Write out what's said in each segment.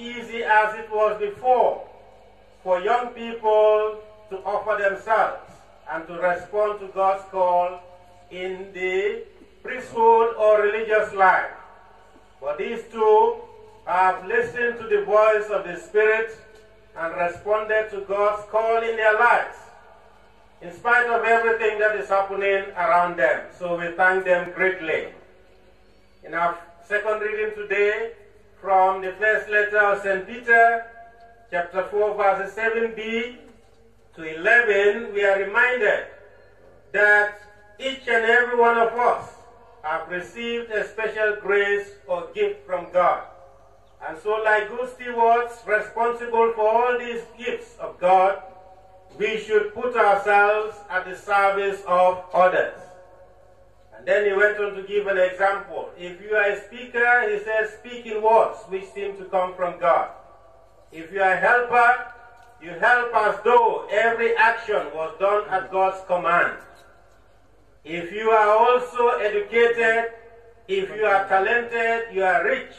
easy as it was before for young people to offer themselves and to respond to God's call in the priesthood or religious life. But these two have listened to the voice of the Spirit and responded to God's call in their lives, in spite of everything that is happening around them. So we thank them greatly. In our second reading today, from the first letter of St. Peter, chapter 4, verses 7b to 11, we are reminded that each and every one of us have received a special grace or gift from God. And so, like good stewards responsible for all these gifts of God, we should put ourselves at the service of others. And then he went on to give an example. If you are a speaker, he says, speak in words which seem to come from God. If you are a helper, you help as though every action was done at God's command. If you are also educated, if you are talented, you are rich,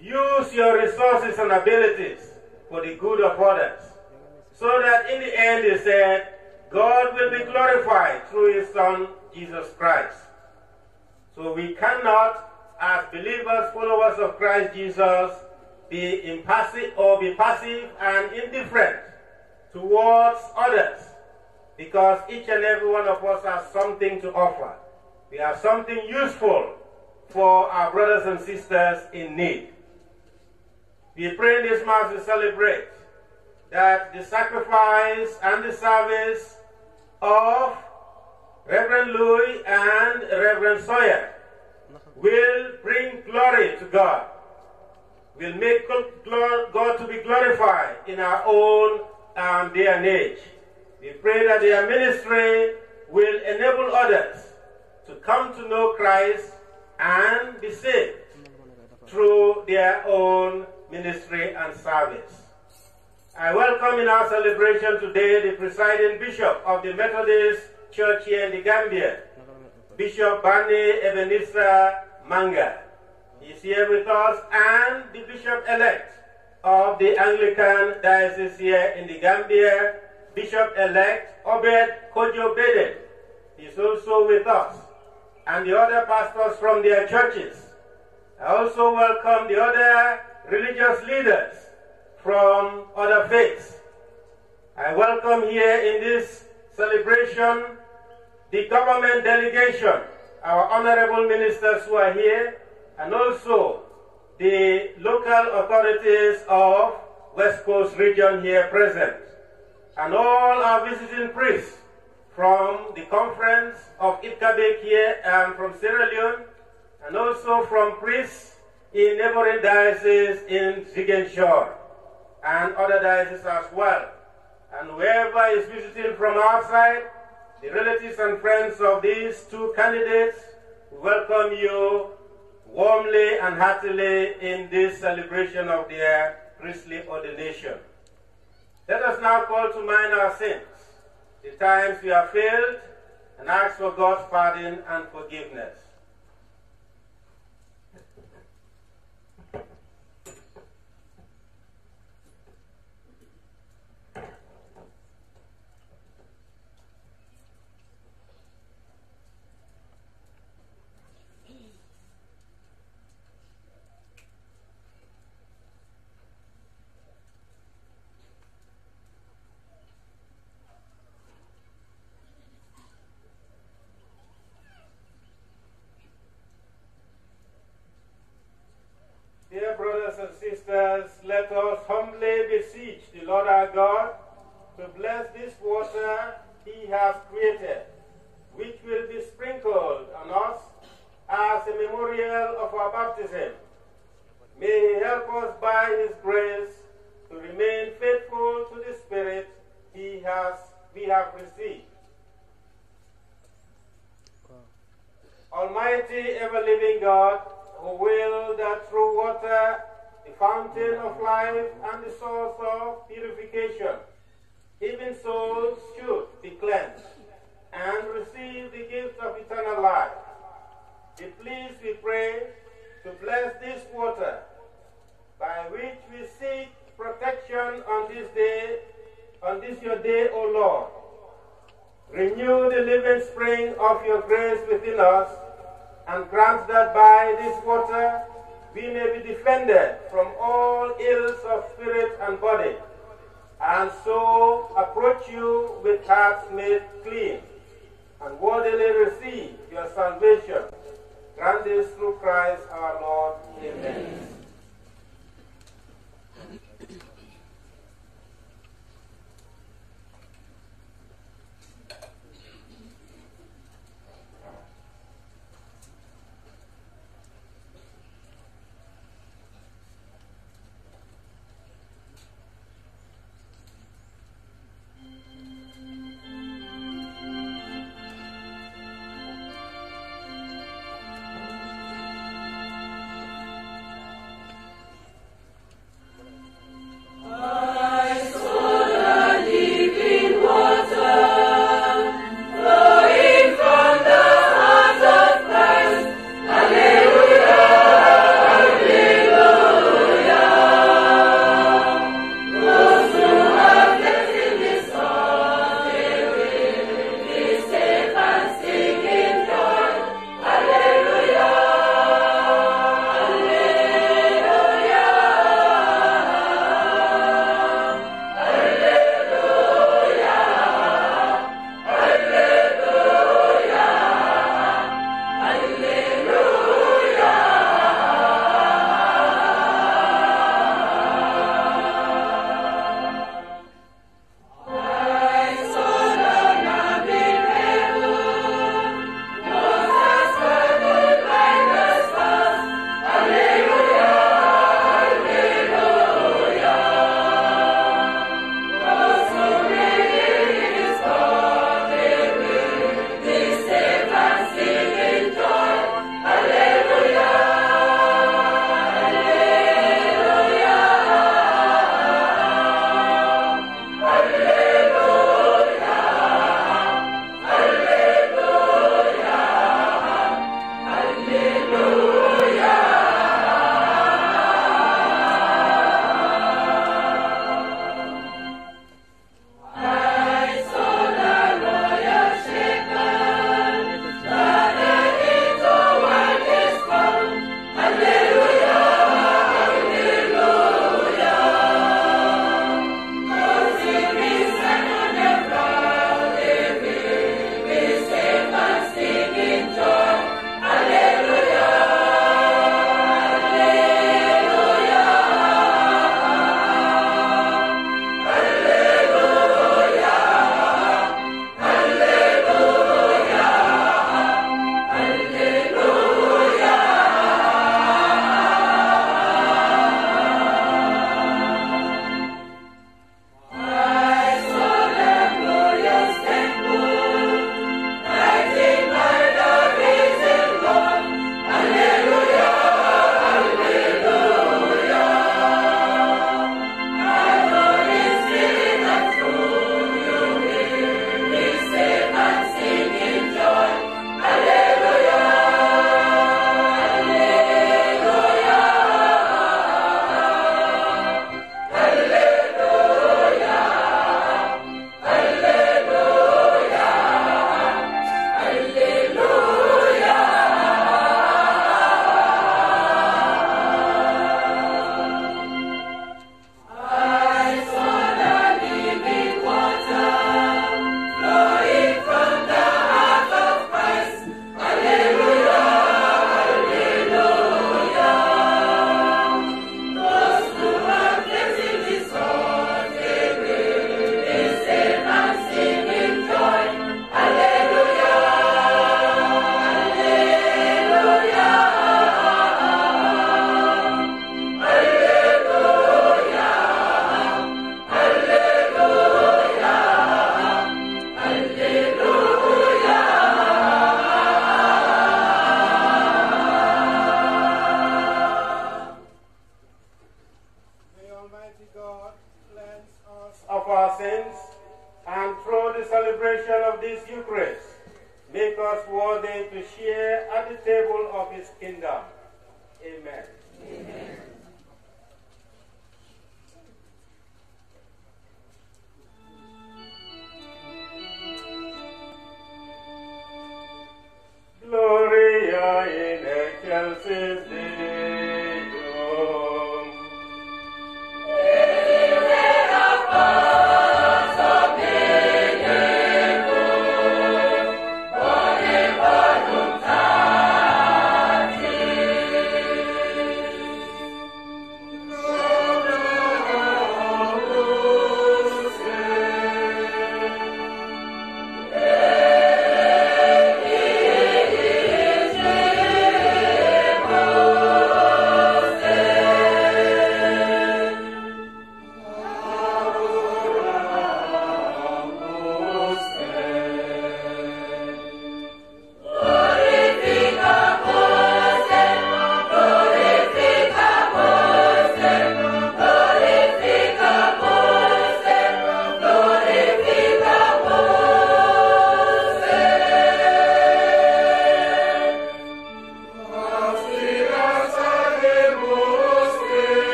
use your resources and abilities for the good of others. So that in the end, he said, God will be glorified through his Son, Jesus Christ. So we cannot, as believers, followers of Christ Jesus, be impassive or be passive and indifferent towards others because each and every one of us has something to offer. We have something useful for our brothers and sisters in need. We pray this Mass to celebrate that the sacrifice and the service of Reverend Louis and Reverend Sawyer will bring glory to God. Will make God to be glorified in our own um, day and age. We pray that their ministry will enable others to come to know Christ and be saved through their own ministry and service. I welcome in our celebration today the presiding bishop of the Methodist church here in the Gambia, Bishop Bande Ebenezer Manga. is here with us and the Bishop-elect of the Anglican Diocese here in the Gambia, Bishop-elect Obed Kojo Beden is also with us and the other pastors from their churches. I also welcome the other religious leaders from other faiths. I welcome here in this celebration the government delegation, our honorable ministers who are here, and also the local authorities of West Coast region here present, and all our visiting priests from the conference of Itkabek here and um, from Sierra Leone, and also from priests in neighboring dioceses in Ziegenshore and other dioceses as well. And whoever is visiting from outside, the relatives and friends of these two candidates welcome you warmly and heartily in this celebration of their priestly ordination. Let us now call to mind our sins, the times we have failed, and ask for God's pardon and forgiveness. the fountain of life and the source of purification. Even souls should be cleansed and receive the gift of eternal life. Be pleased, we pray, to bless this water by which we seek protection on this day, on this your day, O Lord. Renew the living spring of your grace within us and grant that by this water we may be defended from all ills of spirit and body, and so approach you with hearts made clean, and worthily receive your salvation. Grant this through Christ our Lord. Amen. Amen.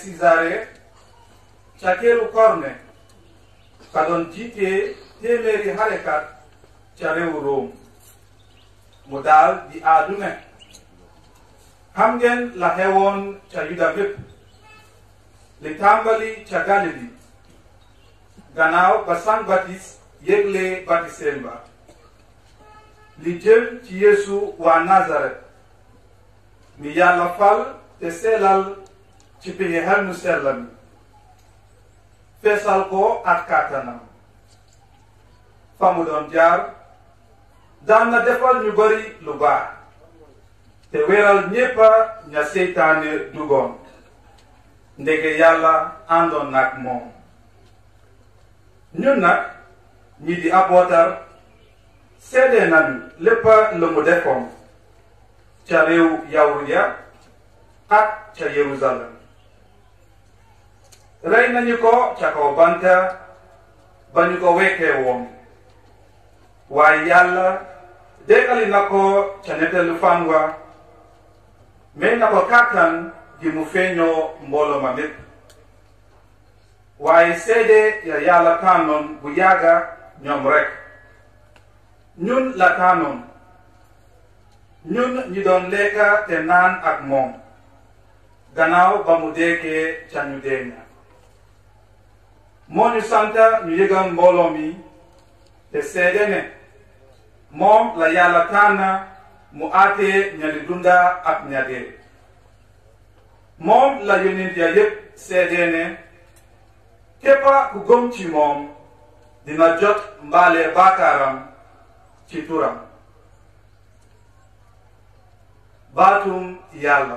Cesare Chakelu Korne Kadon Jike Temeri Harekat Charewu Rome Modal di Adume Hamgen la hewon cha Yuda Vip Litambali cha Galili Ganao Basang Batis Yegle Batisemba Lijem ci Yesu wa Nazaret Mi yalla fal te selal ci pexeem nu sell mi feesal ko ak kàttanam fa jaar daan na defal ñu lu baax te weeral ñéppa ña seytaane dugoon ndege yàlla àndoon nag moom ñun nag ñi di abootar seede nañu léppa lu mu defoon ca réew yawut ak ca Yerusalem rey nañu ko ca kaw bant ba ñu ko wekkee woon waaye yàlla dekkali na ko ca ñetteelu fan wa may na ko kàttan gi mu feeñoo mbooloo ma mépp waaye seede ya yàlla tànnoon bu yàgga ñoom rek ñun la tànnoon ñun ñu lekka te naan ak moom gannaaw ba mu dekkee ca ñu moo ñu sant ñu yëgal mbooloo mi te seede ne moom la yàlla tànn mu aatee ñali dunda ak ña moom la yonent ya yépp seede ne képp ci moom dina jot mbaale baakaaram ci turam baatum yàlla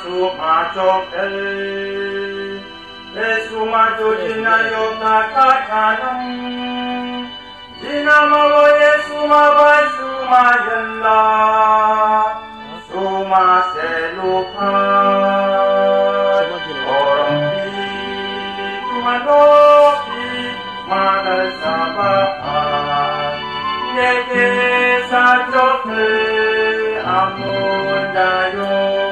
sumatopel, e sumato dinayota kakanam, dinamavo e sumavai sumayalla, suma selupa, orompi, sumanopi, magal sabah, neke sa jote, yo.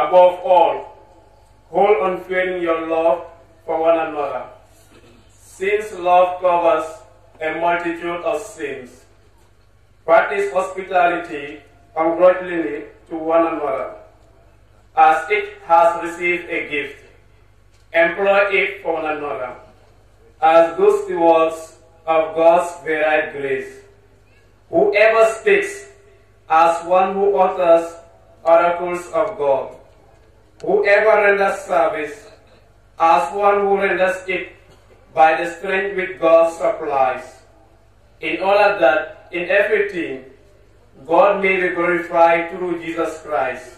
Above all, hold unfailing your love for one another, since love covers a multitude of sins. Practice hospitality ungrudgingly to one another, as it has received a gift. Employ it for one another, as good stewards of God's varied grace. Whoever speaks, as one who utters oracles of God. Whoever renders service, as one who renders it by the strength which God supplies, in order that in everything God may be glorified through Jesus Christ.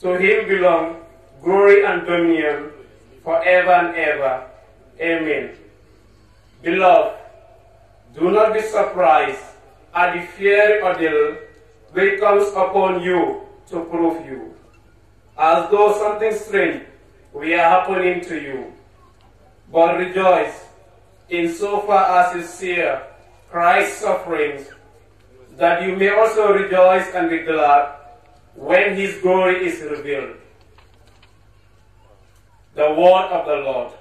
To him belong glory and dominion forever and ever. Amen. Beloved, do not be surprised at the fiery ordeal which comes upon you to prove you as though something strange were happening to you. But rejoice in so far as you share Christ's sufferings, that you may also rejoice and be glad when his glory is revealed. The word of the Lord.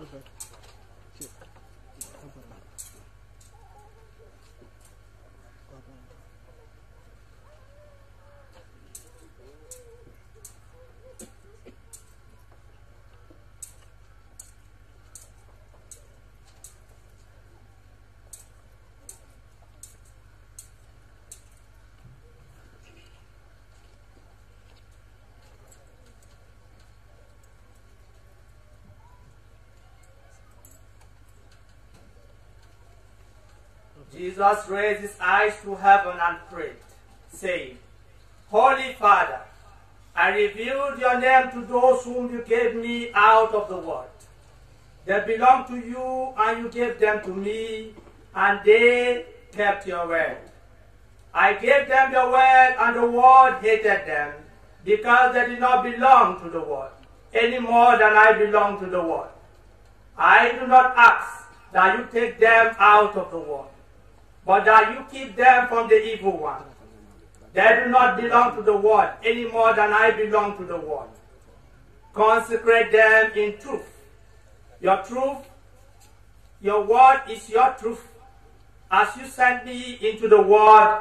Okay. Jesus raised his eyes to heaven and prayed, saying, Holy Father, I revealed your name to those whom you gave me out of the world. They belong to you, and you gave them to me, and they kept your word. I gave them your word, and the world hated them, because they did not belong to the world, any more than I belong to the world. I do not ask that you take them out of the world but that you keep them from the evil one. They do not belong to the world any more than I belong to the world. Consecrate them in truth. Your truth, your word is your truth. As you sent me into the world,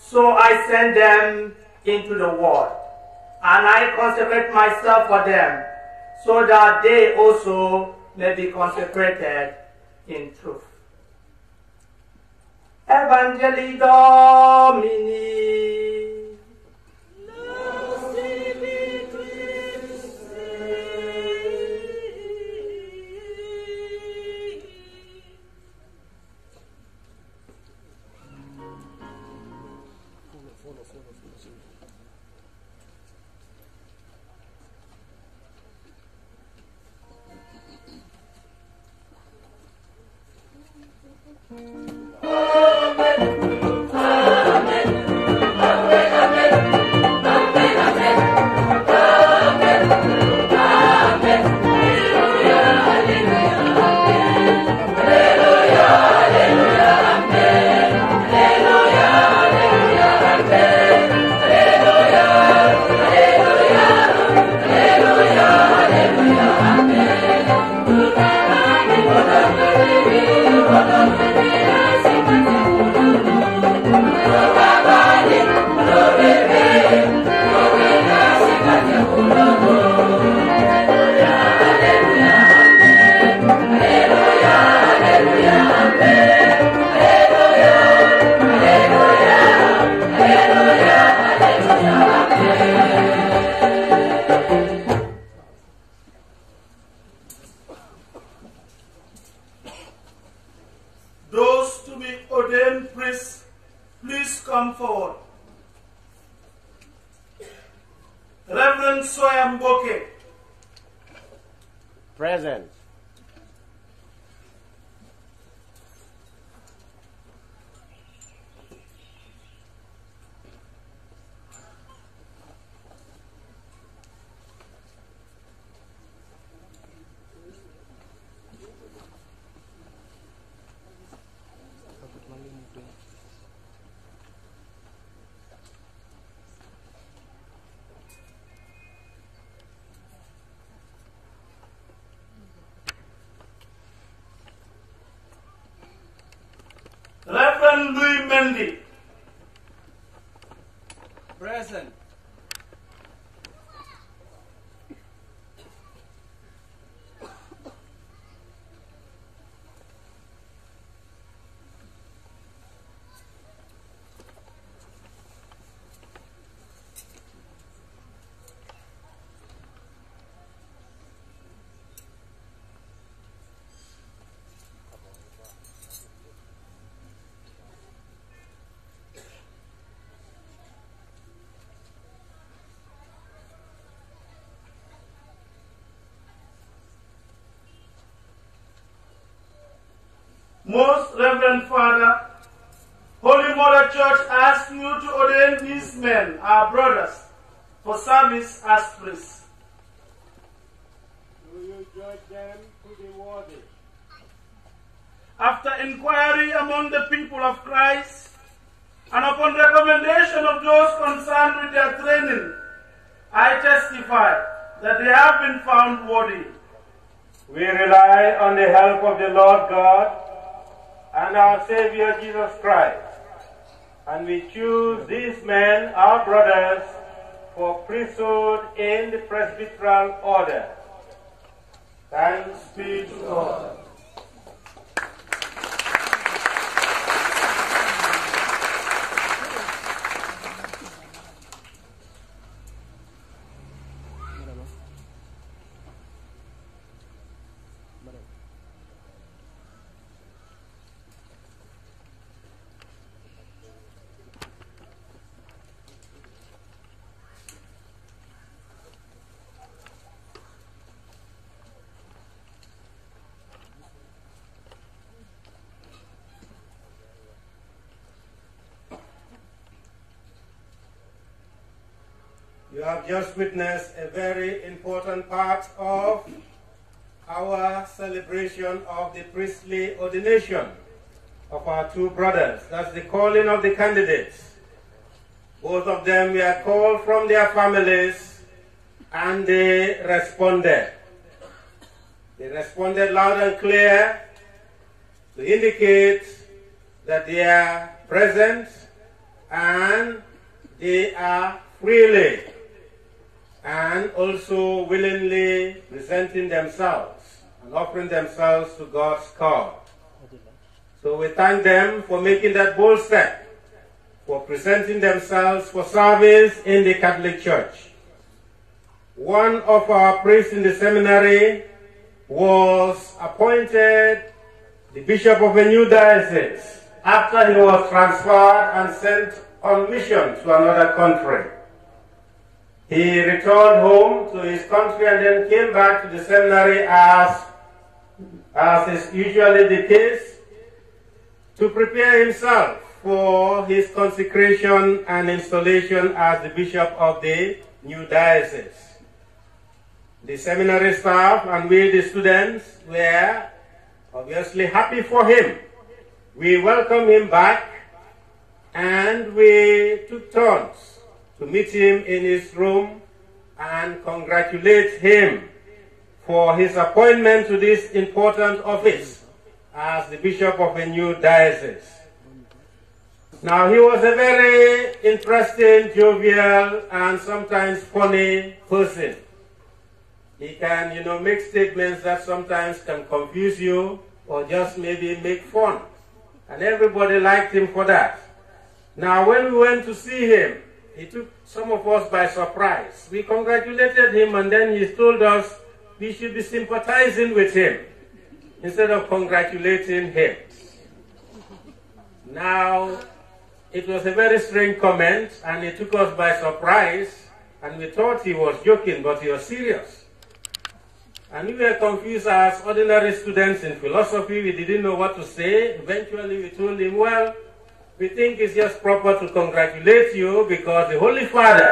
so I send them into the world. And I consecrate myself for them, so that they also may be consecrated in truth. Evangelii Domini. Most Reverend Father, Holy Mother Church asks you to ordain these men, our brothers, for service as priests. Do you judge them to be worthy? After inquiry among the people of Christ, and upon recommendation of those concerned with their training, I testify that they have been found worthy. We rely on the help of the Lord God our Savior Jesus Christ. And we choose these men, our brothers, for priesthood in the presbyteral order. Thanks be to God. just witnessed a very important part of our celebration of the priestly ordination of our two brothers. That's the calling of the candidates. Both of them were called from their families and they responded. They responded loud and clear to indicate that they are present and they are freely and also willingly presenting themselves and offering themselves to God's call. So we thank them for making that bold step, for presenting themselves for service in the Catholic Church. One of our priests in the seminary was appointed the bishop of a new diocese after he was transferred and sent on mission to another country. He returned home to his country and then came back to the seminary as, as is usually the case, to prepare himself for his consecration and installation as the bishop of the new diocese. The seminary staff and we, the students, were obviously happy for him. We welcomed him back and we took turns to meet him in his room and congratulate him for his appointment to this important office as the bishop of a new diocese. Now, he was a very interesting, jovial, and sometimes funny person. He can, you know, make statements that sometimes can confuse you or just maybe make fun. And everybody liked him for that. Now, when we went to see him, he took some of us by surprise. We congratulated him and then he told us we should be sympathizing with him instead of congratulating him. Now, it was a very strange comment and it took us by surprise and we thought he was joking, but he was serious. And we were confused as ordinary students in philosophy. We didn't know what to say. Eventually, we told him, well, we think it's just proper to congratulate you because the Holy Father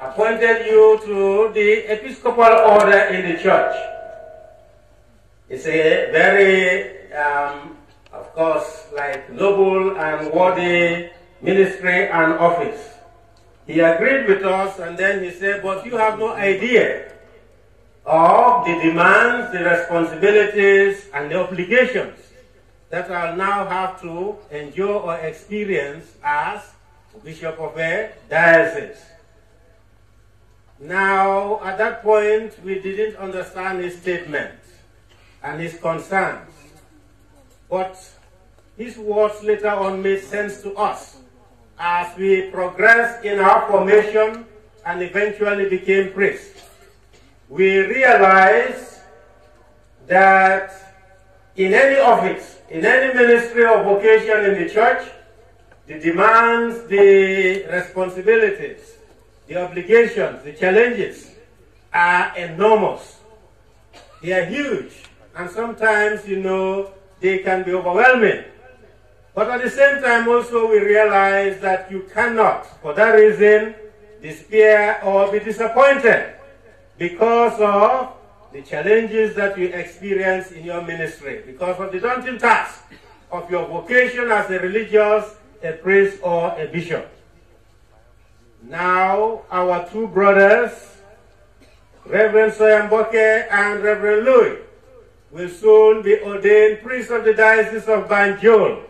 appointed you to the Episcopal Order in the Church. It's a very, um, of course, like noble and worthy ministry and office. He agreed with us and then he said, but you have no idea of the demands, the responsibilities, and the obligations that I'll now have to endure or experience as Bishop of a diocese. Now, at that point, we didn't understand his statement and his concerns, but his words later on made sense to us as we progressed in our formation and eventually became priests. We realized that in any office, in any ministry or vocation in the church, the demands, the responsibilities, the obligations, the challenges are enormous. They are huge. And sometimes, you know, they can be overwhelming. But at the same time, also, we realize that you cannot, for that reason, despair or be disappointed because of the challenges that you experience in your ministry because of the daunting task of your vocation as a religious, a priest, or a bishop. Now, our two brothers, Reverend Soyamboke and Reverend Louis, will soon be ordained priests of the Diocese of Banjul.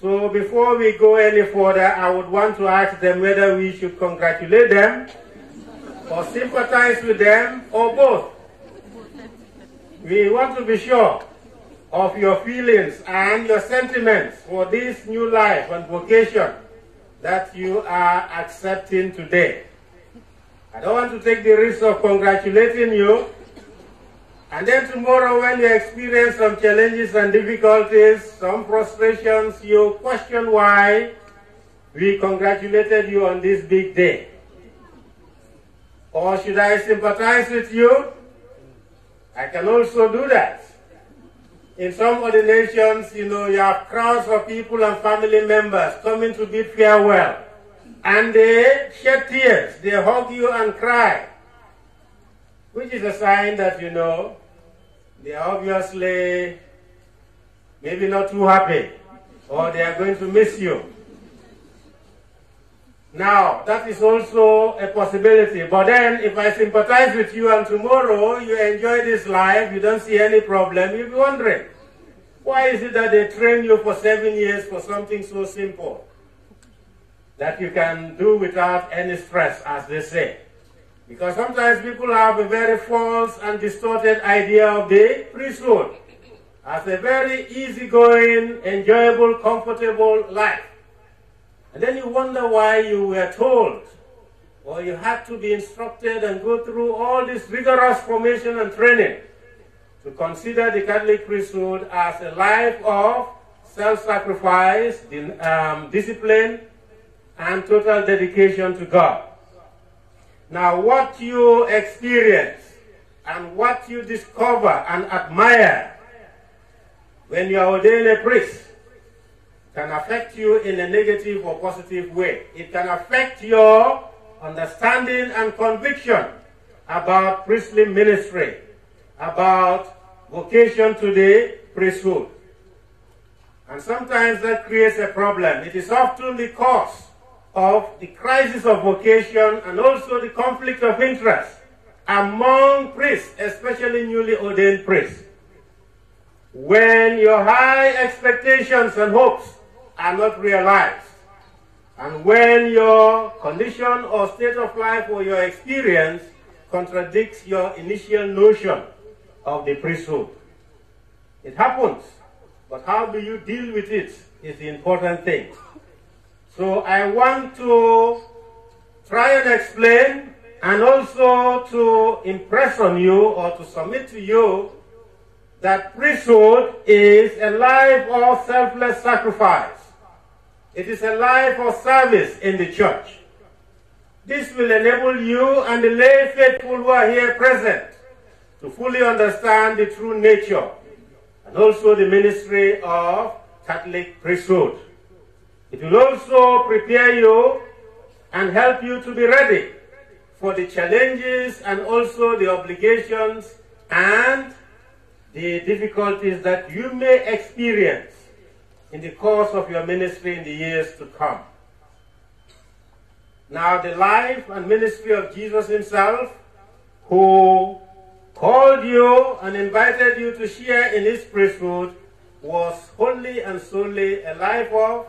So before we go any further, I would want to ask them whether we should congratulate them or sympathize with them or both. We want to be sure of your feelings and your sentiments for this new life and vocation that you are accepting today. I don't want to take the risk of congratulating you. And then tomorrow when you experience some challenges and difficulties, some frustrations, you question why we congratulated you on this big day. Or should I sympathize with you I can also do that. In some nations, you know, you have crowds of people and family members coming to bid farewell. And they shed tears, they hug you and cry. Which is a sign that, you know, they are obviously maybe not too happy or they are going to miss you. Now, that is also a possibility. But then, if I sympathize with you and tomorrow you enjoy this life, you don't see any problem, you'll be wondering, why is it that they train you for seven years for something so simple that you can do without any stress, as they say? Because sometimes people have a very false and distorted idea of the priesthood as a very easygoing, enjoyable, comfortable life. And then you wonder why you were told or you had to be instructed and go through all this rigorous formation and training to consider the Catholic priesthood as a life of self-sacrifice, um, discipline, and total dedication to God. Now, what you experience and what you discover and admire when you are ordained a priest can affect you in a negative or positive way. It can affect your understanding and conviction about priestly ministry, about vocation to the priesthood. And sometimes that creates a problem. It is often the cause of the crisis of vocation and also the conflict of interest among priests, especially newly ordained priests. When your high expectations and hopes are not realized. And when your condition or state of life or your experience contradicts your initial notion of the priesthood. It happens, but how do you deal with it is the important thing. So I want to try and explain and also to impress on you or to submit to you that priesthood is a life of selfless sacrifice. It is a life of service in the church. This will enable you and the lay faithful who are here present to fully understand the true nature and also the ministry of Catholic priesthood. It will also prepare you and help you to be ready for the challenges and also the obligations and the difficulties that you may experience in the course of your ministry in the years to come. Now, the life and ministry of Jesus Himself, who called you and invited you to share in His priesthood, was wholly and solely a life of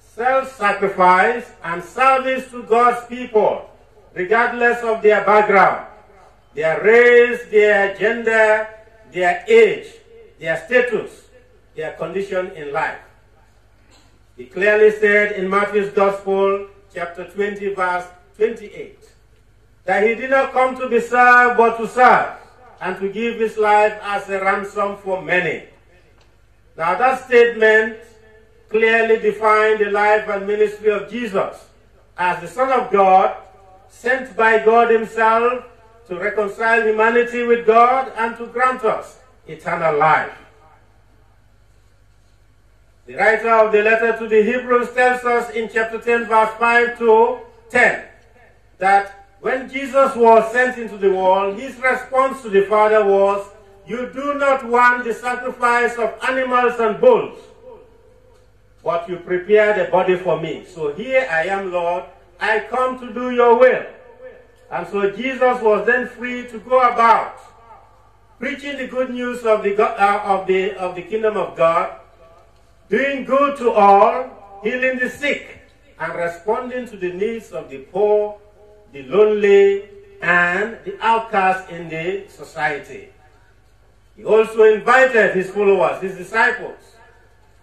self sacrifice and service to God's people, regardless of their background, their race, their gender, their age, their status, their condition in life. He clearly said in Matthew's Gospel, chapter 20, verse 28, that he did not come to be served, but to serve, and to give his life as a ransom for many. Now that statement clearly defined the life and ministry of Jesus as the Son of God, sent by God himself to reconcile humanity with God and to grant us eternal life. The writer of the letter to the Hebrews tells us in chapter 10, verse 5 to 10, that when Jesus was sent into the world, his response to the Father was, You do not want the sacrifice of animals and bulls, but you prepare the body for me. So here I am, Lord. I come to do your will. And so Jesus was then free to go about preaching the good news of the, uh, of the, of the kingdom of God doing good to all, healing the sick, and responding to the needs of the poor, the lonely, and the outcast in the society. He also invited his followers, his disciples,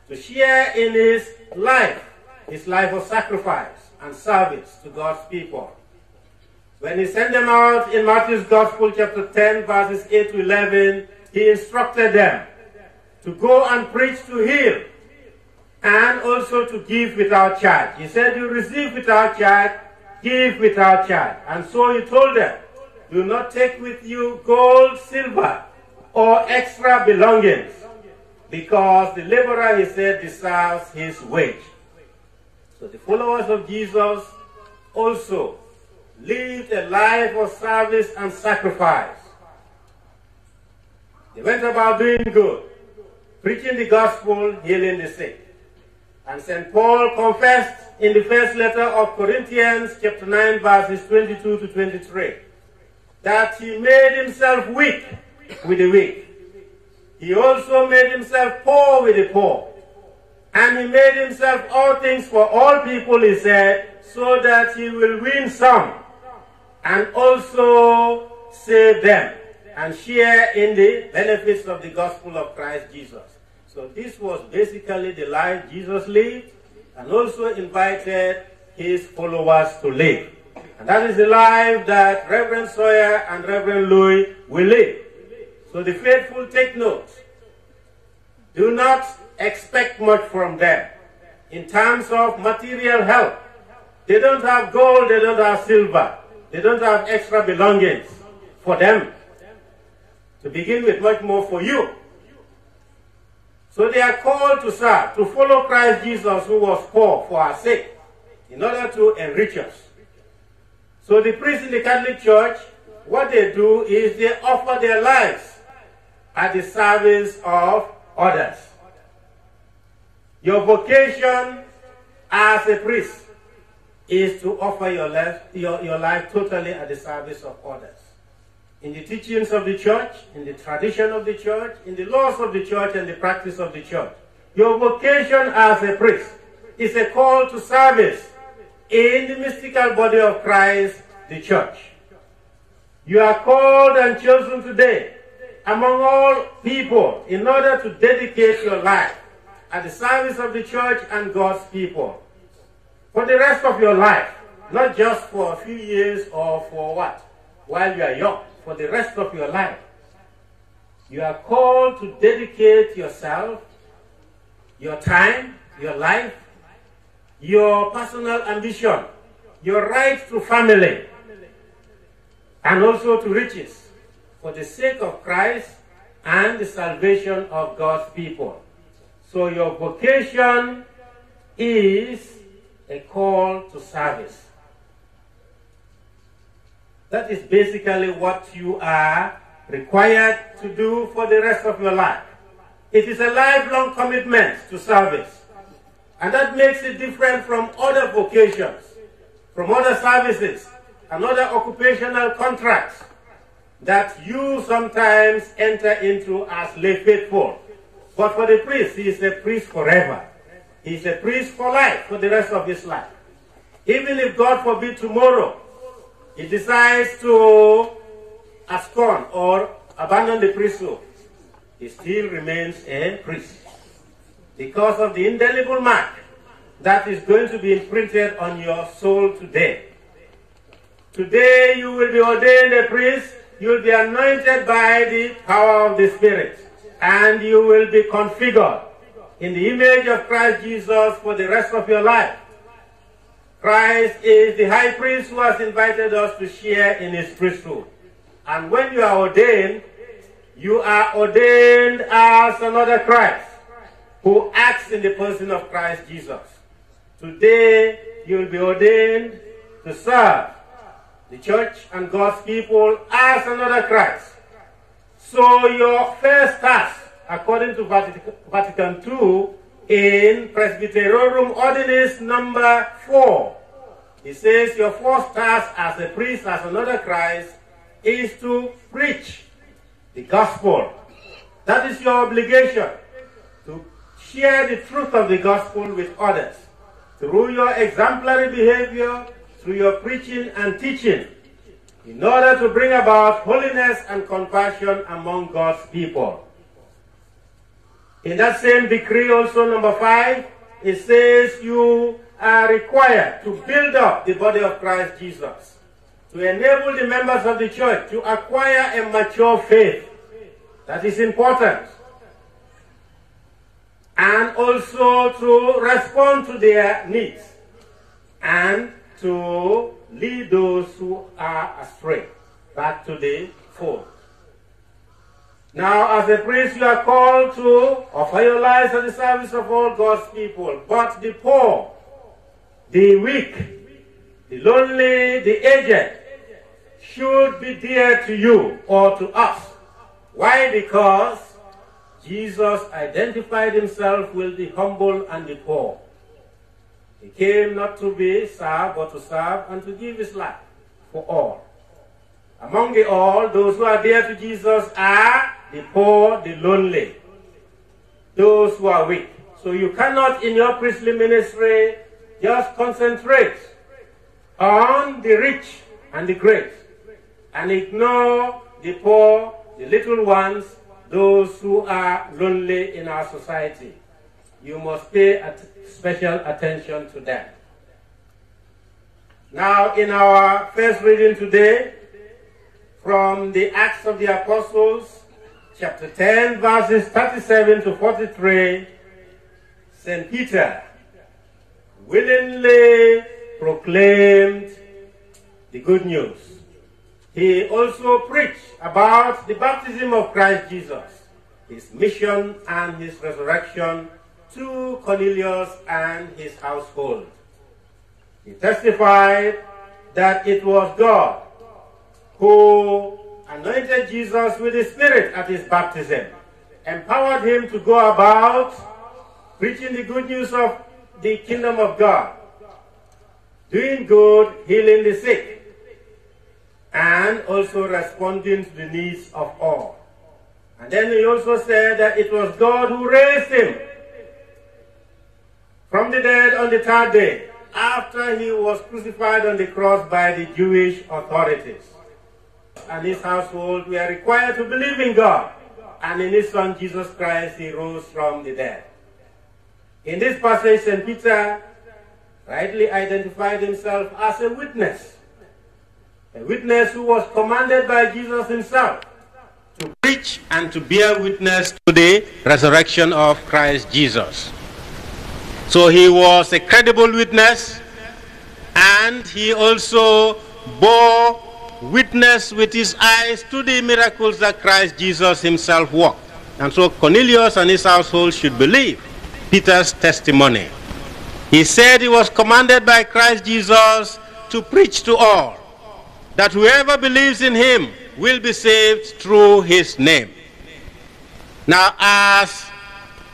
to share in his life, his life of sacrifice and service to God's people. When he sent them out in Matthew's Gospel, chapter 10, verses 8 to 11, he instructed them to go and preach to heal and also to give without charge. He said, You receive without charge, give without charge. And so he told them, Do not take with you gold, silver, or extra belongings, because the laborer, he said, deserves his wage. So the followers of Jesus also lived a life of service and sacrifice. They went about doing good, preaching the gospel, healing the sick. And St. Paul confessed in the first letter of Corinthians, chapter 9, verses 22 to 23, that he made himself weak with the weak. He also made himself poor with the poor. And he made himself all things for all people, he said, so that he will win some and also save them and share in the benefits of the gospel of Christ Jesus. So this was basically the life Jesus lived and also invited his followers to live. And that is the life that Reverend Sawyer and Reverend Louis will live. So the faithful take note. Do not expect much from them in terms of material help. They don't have gold, they don't have silver, they don't have extra belongings for them. To begin with, much more for you. So they are called to serve, to follow Christ Jesus who was poor for our sake, in order to enrich us. So the priests in the Catholic Church, what they do is they offer their lives at the service of others. Your vocation as a priest is to offer your life, your, your life totally at the service of others in the teachings of the church, in the tradition of the church, in the laws of the church, and the practice of the church. Your vocation as a priest is a call to service in the mystical body of Christ, the church. You are called and chosen today among all people in order to dedicate your life at the service of the church and God's people for the rest of your life, not just for a few years or for what, while you are young for the rest of your life. You are called to dedicate yourself, your time, your life, your personal ambition, your right to family, and also to riches for the sake of Christ and the salvation of God's people. So your vocation is a call to service. That is basically what you are required to do for the rest of your life. It is a lifelong commitment to service. And that makes it different from other vocations, from other services, and other occupational contracts that you sometimes enter into as lay faithful. But for the priest, he is a priest forever. He is a priest for life, for the rest of his life. Even if God forbid tomorrow, he decides to abscond or abandon the priesthood, he still remains a priest because of the indelible mark that is going to be imprinted on your soul today. Today you will be ordained a priest, you will be anointed by the power of the Spirit, and you will be configured in the image of Christ Jesus for the rest of your life. Christ is the high priest who has invited us to share in his priesthood. And when you are ordained, you are ordained as another Christ who acts in the person of Christ Jesus. Today, you will be ordained to serve the church and God's people as another Christ. So your first task, according to Vatican II, in Presbyterorum Ordinance number 4. He says, Your first task as a priest, as another Christ, is to preach the gospel. That is your obligation to share the truth of the gospel with others through your exemplary behavior, through your preaching and teaching, in order to bring about holiness and compassion among God's people. In that same decree, also number five, it says you are required to build up the body of Christ Jesus, to enable the members of the church to acquire a mature faith. That is important. And also to respond to their needs and to lead those who are astray back to the fold. Now, as a priest, you are called to offer your lives at the service of all God's people. But the poor, the weak, the lonely, the aged should be dear to you or to us. Why? Because Jesus identified himself with the humble and the poor. He came not to be served, but to serve and to give his life for all. Among the all, those who are dear to Jesus are the poor, the lonely, those who are weak. So you cannot, in your priestly ministry, just concentrate on the rich and the great and ignore the poor, the little ones, those who are lonely in our society. You must pay at special attention to them. Now, in our first reading today, from the Acts of the Apostles, chapter 10, verses 37 to 43, St. Peter willingly proclaimed the good news. He also preached about the baptism of Christ Jesus, his mission and his resurrection to Cornelius and his household. He testified that it was God who anointed Jesus with the Spirit at his baptism, empowered him to go about preaching the good news of the kingdom of God, doing good, healing the sick, and also responding to the needs of all. And then he also said that it was God who raised him from the dead on the third day after he was crucified on the cross by the Jewish authorities and his household, we are required to believe in God and in his son Jesus Christ, he rose from the dead. In this passage, St. Peter rightly identified himself as a witness, a witness who was commanded by Jesus himself to preach and to bear witness to the resurrection of Christ Jesus. So he was a credible witness and he also bore Witness with his eyes to the miracles that Christ Jesus himself worked. And so Cornelius and his household should believe Peter's testimony. He said he was commanded by Christ Jesus to preach to all, that whoever believes in him will be saved through his name. Now, as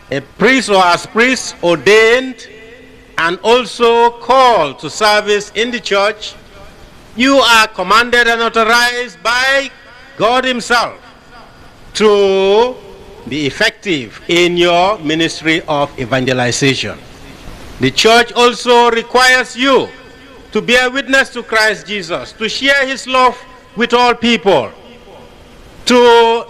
a priest or as priest ordained and also called to service in the church, you are commanded and authorized by God Himself to be effective in your ministry of evangelization. The church also requires you to bear witness to Christ Jesus, to share His love with all people, to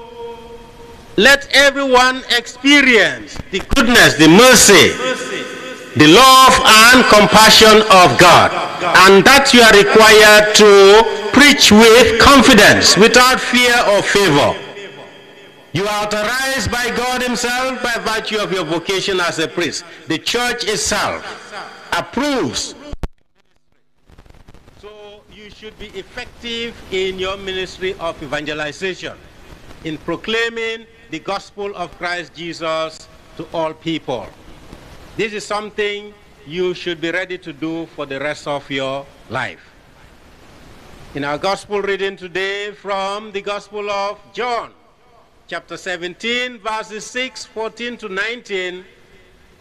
let everyone experience the goodness, the mercy the love and compassion of God, and that you are required to preach with confidence, without fear or favor. You are authorized by God himself by virtue of your vocation as a priest. The church itself approves. So you should be effective in your ministry of evangelization, in proclaiming the gospel of Christ Jesus to all people. This is something you should be ready to do for the rest of your life. In our gospel reading today from the Gospel of John, chapter 17, verses 6, 14 to 19,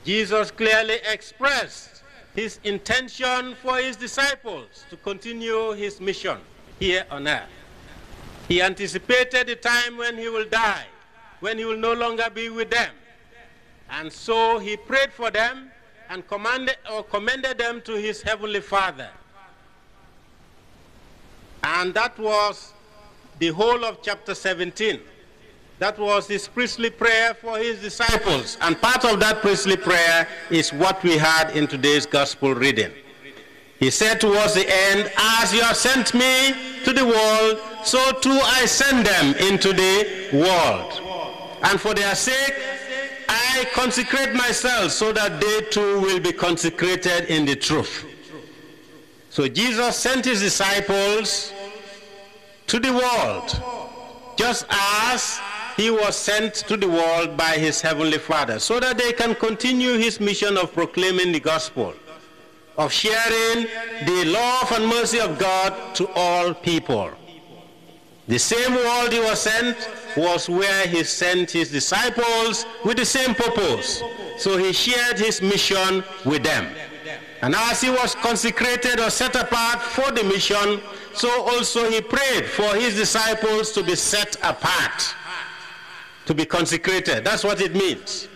Jesus clearly expressed his intention for his disciples to continue his mission here on earth. He anticipated the time when he will die, when he will no longer be with them. And so he prayed for them and commanded, or commended them to his heavenly Father. And that was the whole of chapter 17. That was his priestly prayer for his disciples. And part of that priestly prayer is what we had in today's gospel reading. He said towards the end, As you have sent me to the world, so too I send them into the world. And for their sake, I consecrate myself so that they too will be consecrated in the truth. So Jesus sent his disciples to the world just as he was sent to the world by his heavenly Father so that they can continue his mission of proclaiming the gospel, of sharing the love and mercy of God to all people. The same world he was sent was where he sent his disciples with the same purpose. So he shared his mission with them. And as he was consecrated or set apart for the mission, so also he prayed for his disciples to be set apart, to be consecrated. That's what it means.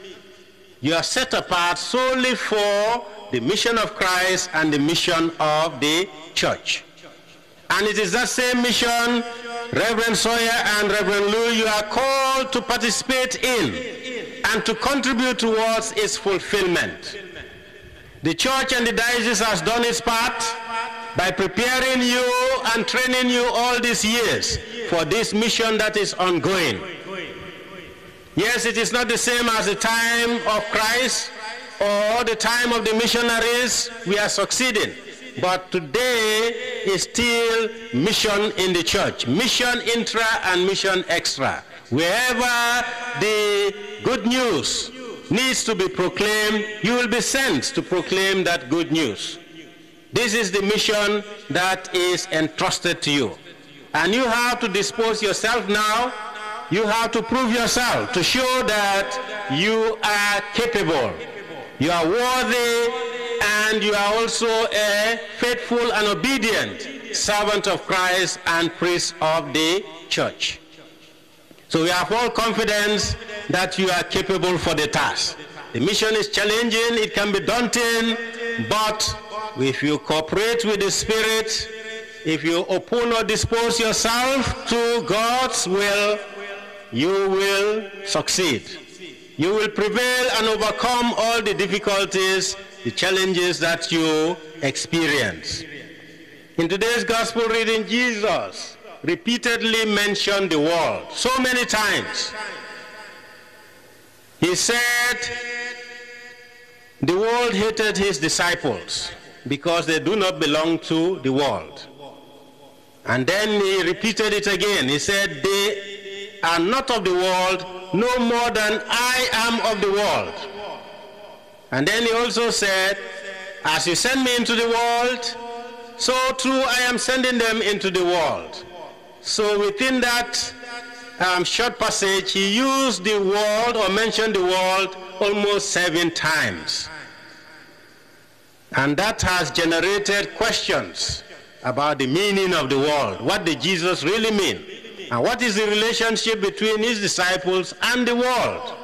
You are set apart solely for the mission of Christ and the mission of the church. And it is that same mission, Reverend Sawyer and Reverend Lou, you are called to participate in and to contribute towards its fulfillment. The church and the diocese has done its part by preparing you and training you all these years for this mission that is ongoing. Yes, it is not the same as the time of Christ or the time of the missionaries. We are succeeding. But today is still mission in the church, mission intra and mission extra. Wherever the good news needs to be proclaimed, you will be sent to proclaim that good news. This is the mission that is entrusted to you. And you have to dispose yourself now. You have to prove yourself to show that you are capable you are worthy and you are also a faithful and obedient servant of Christ and priest of the church. So we have all confidence that you are capable for the task. The mission is challenging, it can be daunting, but if you cooperate with the Spirit, if you open or dispose yourself to God's will, you will succeed. You will prevail and overcome all the difficulties, the challenges that you experience. In today's gospel reading, Jesus repeatedly mentioned the world so many times. He said, The world hated his disciples because they do not belong to the world. And then he repeated it again. He said, They are not of the world, no more than I am of the world. And then he also said, As you send me into the world, so too I am sending them into the world. So within that um, short passage, he used the world or mentioned the world almost seven times. And that has generated questions about the meaning of the world. What did Jesus really mean? And what is the relationship between his disciples and the world?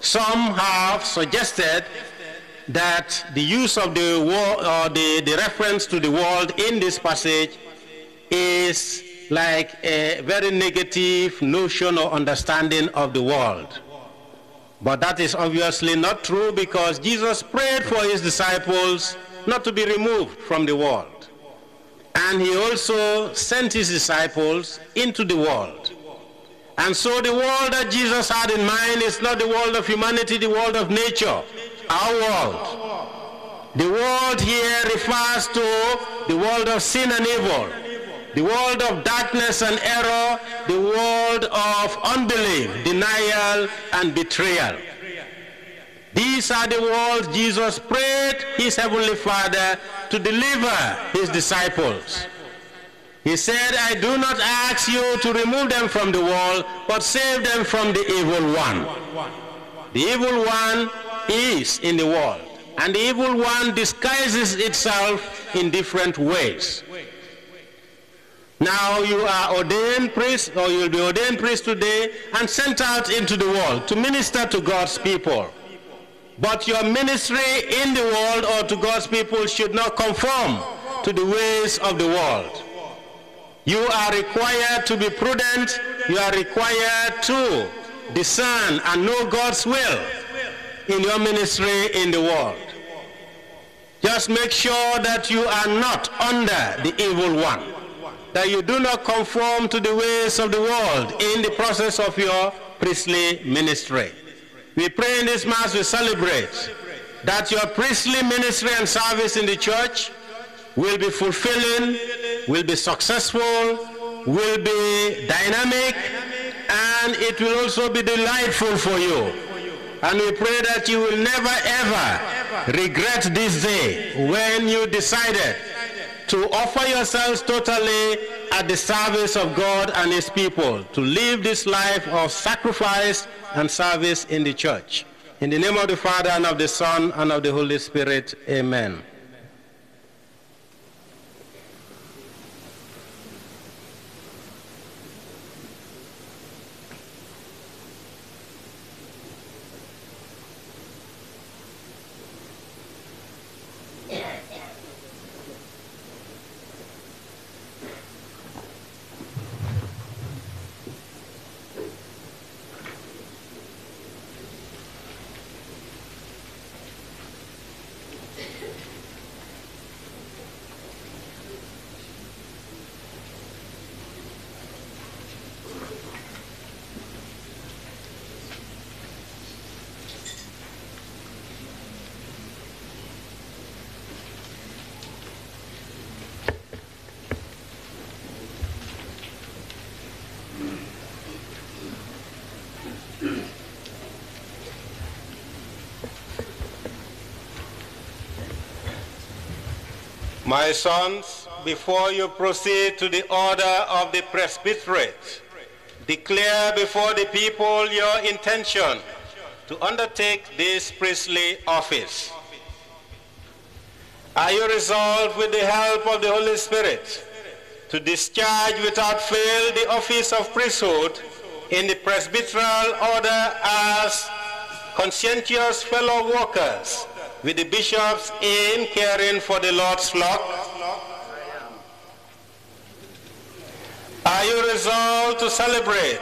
Some have suggested that the use of the, uh, the, the reference to the world in this passage is like a very negative notion or understanding of the world. But that is obviously not true because Jesus prayed for his disciples not to be removed from the world. And he also sent his disciples into the world. And so the world that Jesus had in mind is not the world of humanity, the world of nature, our world. The world here refers to the world of sin and evil, the world of darkness and error, the world of unbelief, denial, and betrayal. These are the words Jesus prayed his heavenly Father to deliver his disciples. He said, I do not ask you to remove them from the world, but save them from the evil one. The evil one is in the world, and the evil one disguises itself in different ways. Now you are ordained priest, or you'll be ordained priest today, and sent out into the world to minister to God's people. But your ministry in the world or to God's people should not conform to the ways of the world. You are required to be prudent. You are required to discern and know God's will in your ministry in the world. Just make sure that you are not under the evil one, that you do not conform to the ways of the world in the process of your priestly ministry. We pray in this Mass, we celebrate that your priestly ministry and service in the church will be fulfilling, will be successful, will be dynamic, and it will also be delightful for you. And we pray that you will never ever regret this day when you decided to offer yourselves totally at the service of God and His people, to live this life of sacrifice and service in the church. In the name of the Father, and of the Son, and of the Holy Spirit, amen. My sons, before you proceed to the order of the presbyterate, declare before the people your intention to undertake this priestly office. Are you resolved with the help of the Holy Spirit to discharge without fail the office of priesthood in the presbyteral order as conscientious fellow workers with the bishops in caring for the Lord's flock? Are you resolved to celebrate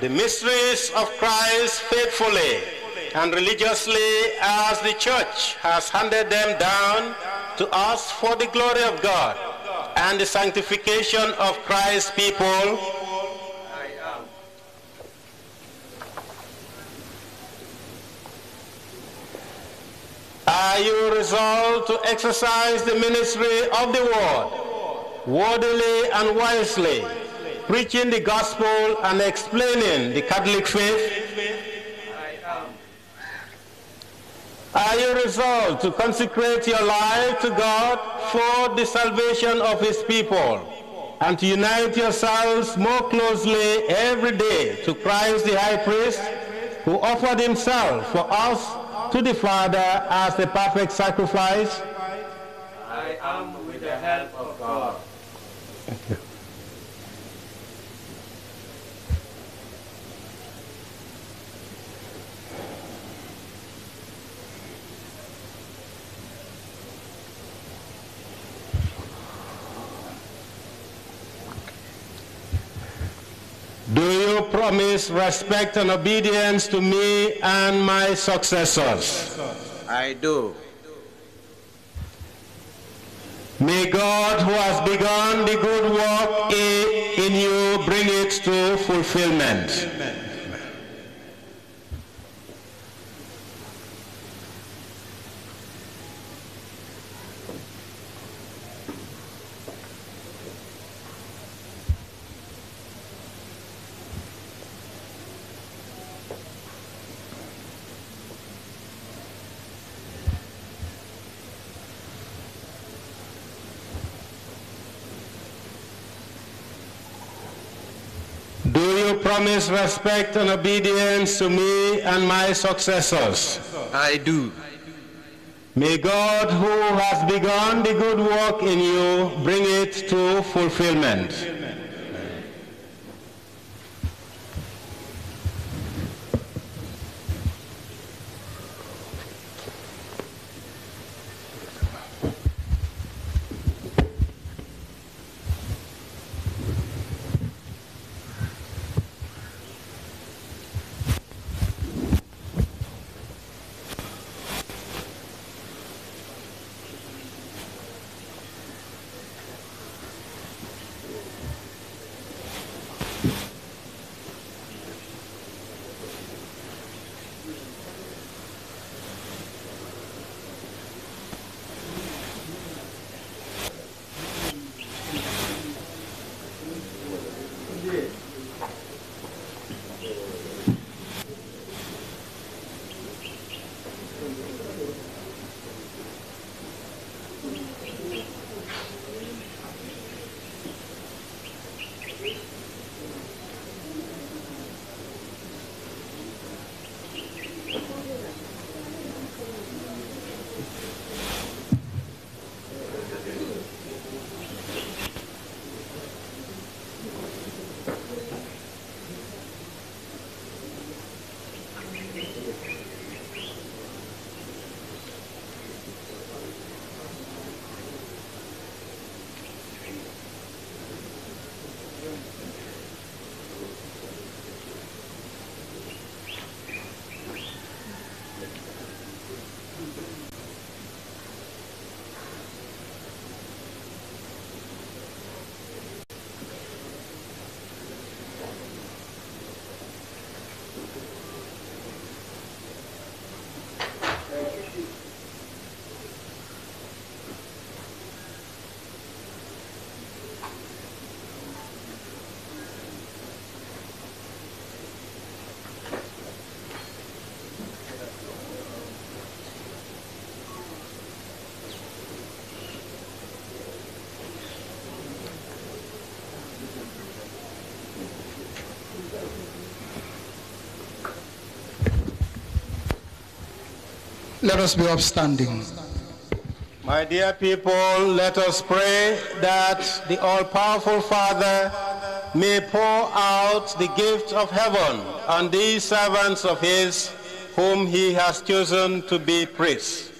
the mysteries of Christ faithfully and religiously as the church has handed them down to us for the glory of God and the sanctification of Christ's people? Are you resolved to exercise the ministry of the word, wordily and wisely, preaching the gospel and explaining the Catholic faith? Are you resolved to consecrate your life to God for the salvation of his people and to unite yourselves more closely every day to Christ the High Priest who offered himself for us to the Father as the perfect sacrifice? I am with the help of God. Do you promise respect and obedience to me and my successors? I do. May God, who has begun the good work in you, bring it to fulfillment. Amen. Do you promise respect and obedience to me and my successors? I do. May God, who has begun the good work in you, bring it to fulfillment. Let us be upstanding. My dear people, let us pray that the all-powerful Father may pour out the gift of heaven on these servants of his whom he has chosen to be priests.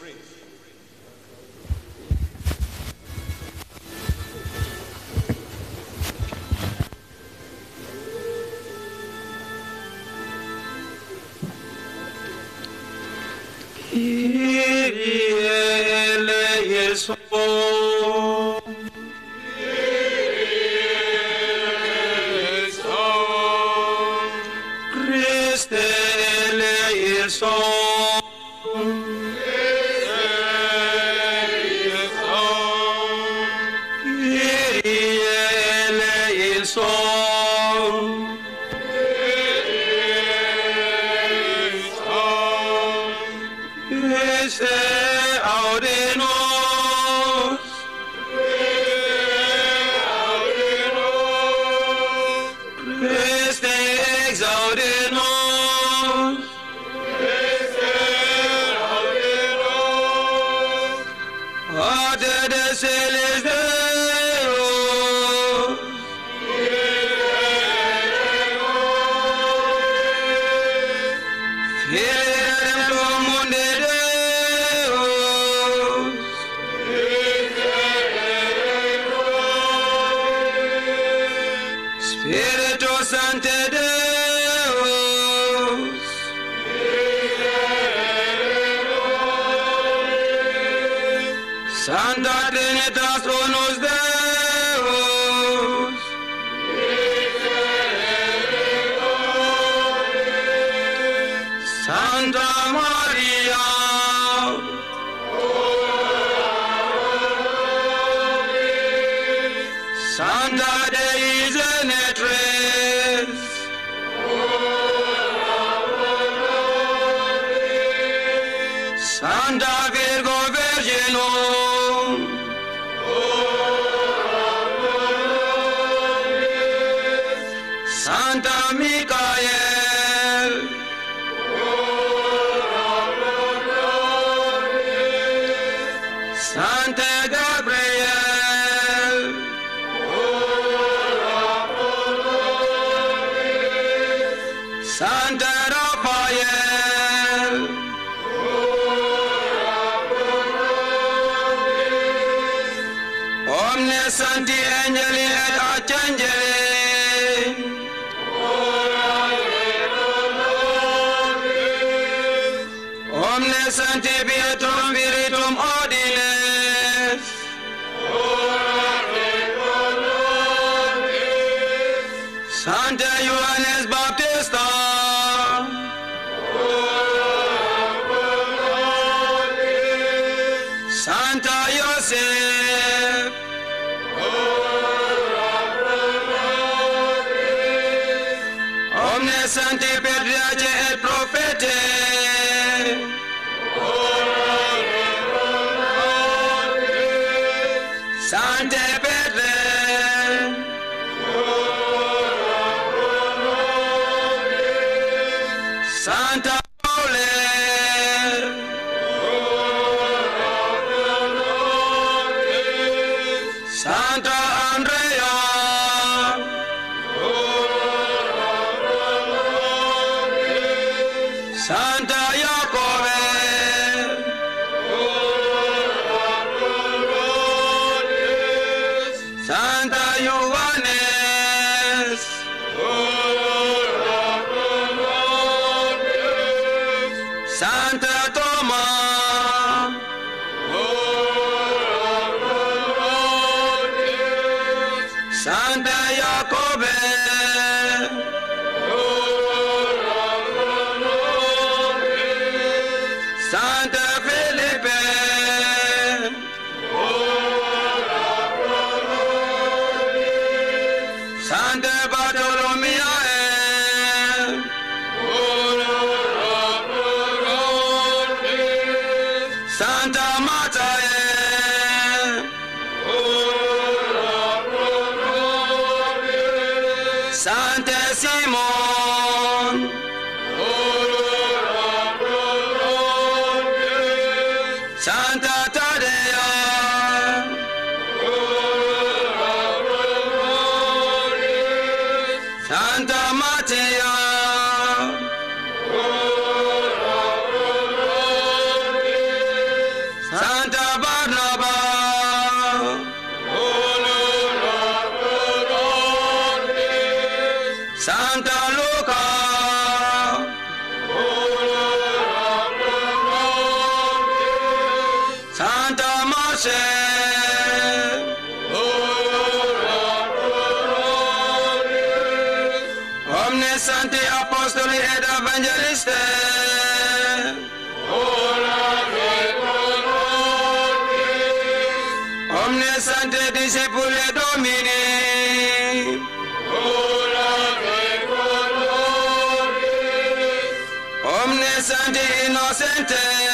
Santa.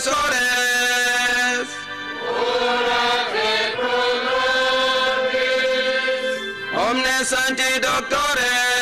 intercesores. Omnes anti doctores.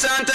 Santa.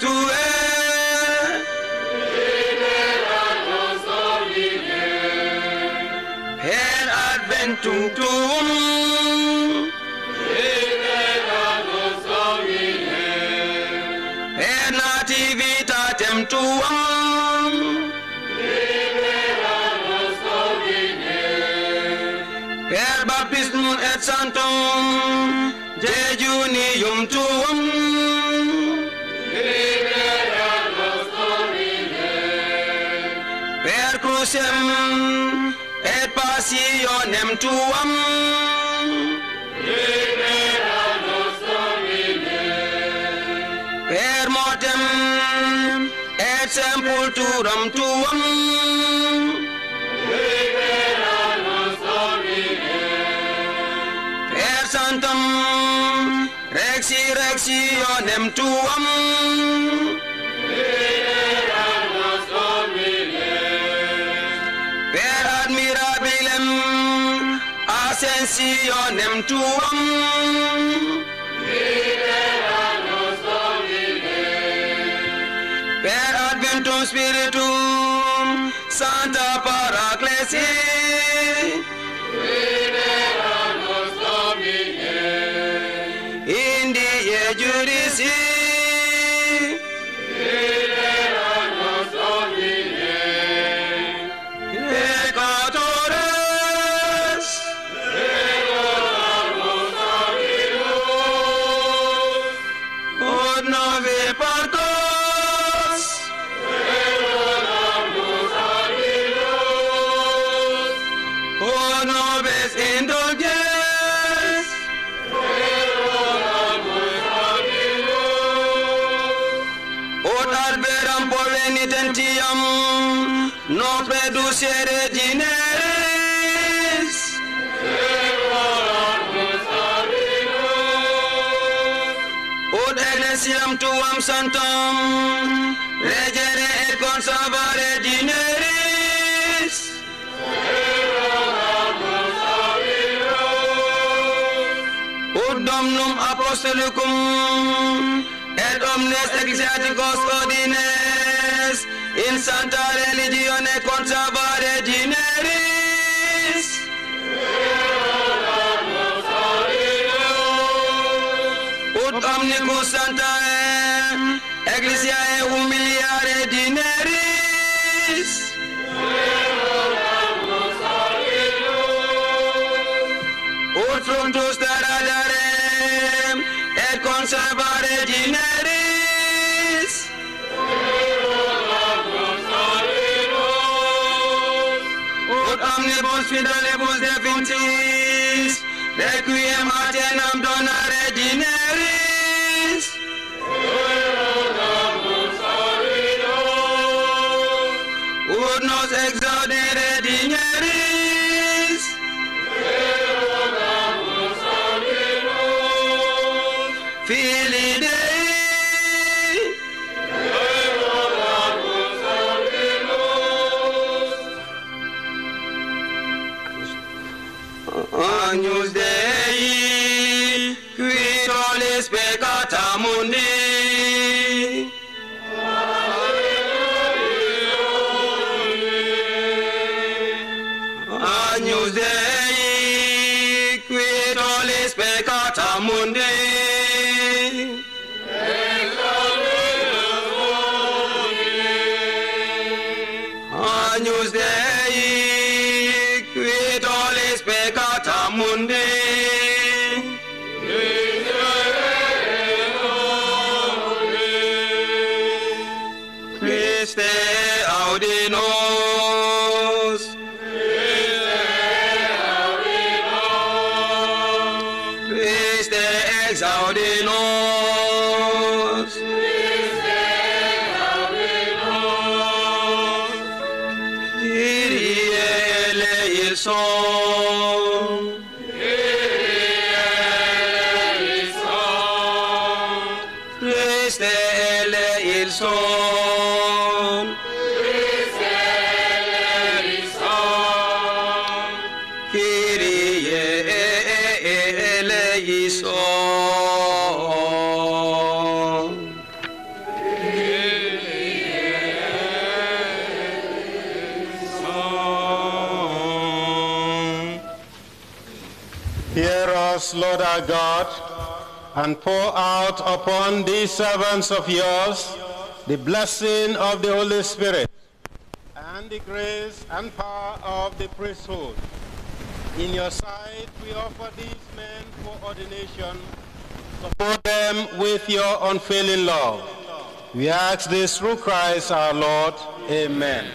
Christus tu er. Per adventum tuum. E e sem et passionem tuam libera nos domine per mortem et sepulturam tuam libera nos domine per santam rexi nem tuam Convention M2 Per Adventum Spiritum Santa Paraclesis tuam santam Regere et conservare dineris Ut domnum apostolicum Et omnes ecclesiasticos ordines In santa religione conservare dineris Ut omnicus santa sfidalemos de vintis, requiem atenam donare dineris. Ut nos exaudere dineris. and pour out upon these servants of yours the blessing of the Holy Spirit and the grace and power of the priesthood. In your sight, we offer these men for ordination. Support them with your unfailing love. We ask this through Christ our Lord. Amen.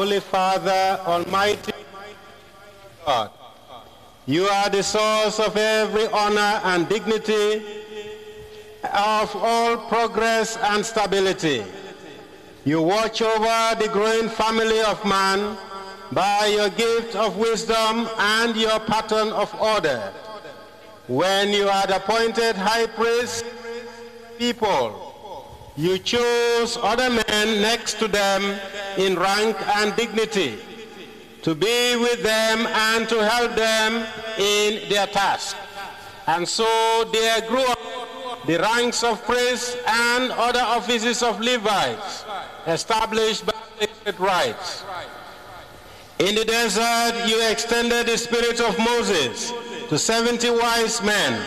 Holy Father, Almighty God, you are the source of every honor and dignity, of all progress and stability. You watch over the growing family of man by your gift of wisdom and your pattern of order. When you had appointed high priests, people, you chose other men next to them in rank and dignity, to be with them and to help them in their task. And so there grew up the ranks of priests and other offices of Levites established by sacred rites. In the desert, you extended the spirit of Moses to 70 wise men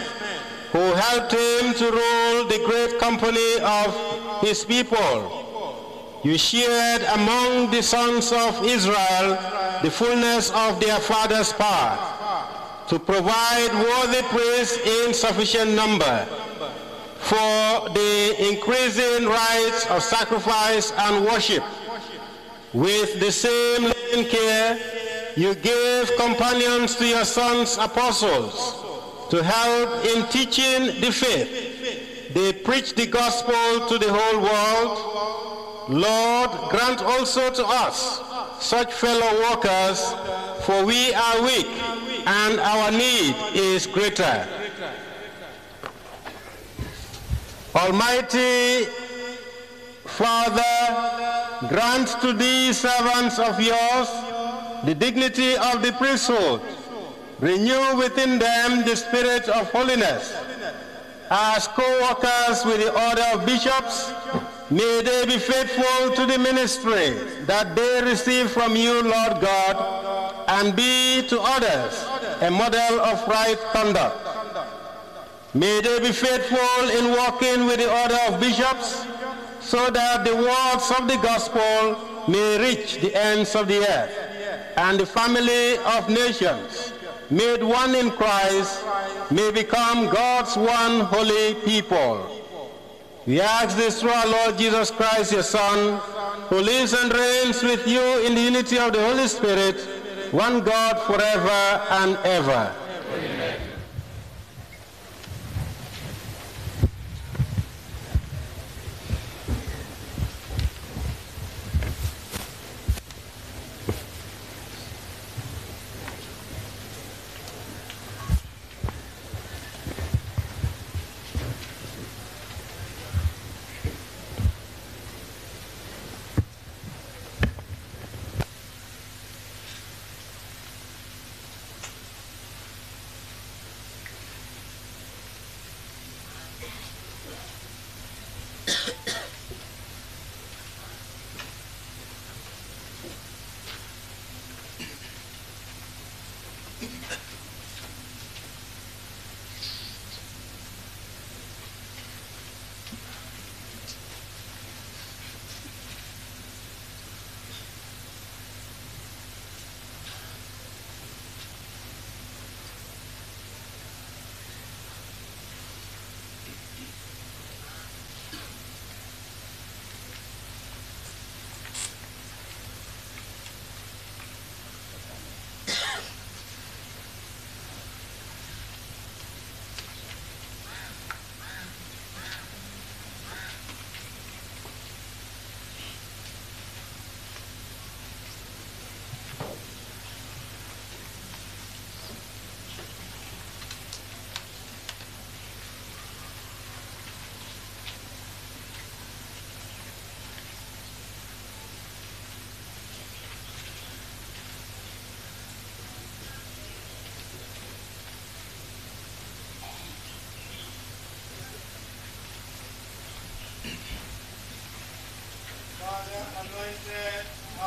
who helped him to rule the great company of his people you shared among the sons of Israel the fullness of their father's part, to provide worthy praise in sufficient number for the increasing rites of sacrifice and worship. With the same loving care, you gave companions to your sons' apostles to help in teaching the faith. They preached the gospel to the whole world Lord, grant also to us such fellow workers, for we are weak and our need is greater. Almighty Father, grant to these servants of yours the dignity of the priesthood. Renew within them the spirit of holiness. As co-workers with the order of bishops, May they be faithful to the ministry that they receive from you, Lord God, and be to others a model of right conduct. May they be faithful in walking with the order of bishops so that the words of the gospel may reach the ends of the earth and the family of nations made one in Christ may become God's one holy people. We ask this through our Lord Jesus Christ, your Son, who lives and reigns with you in the unity of the Holy Spirit, one God forever and ever.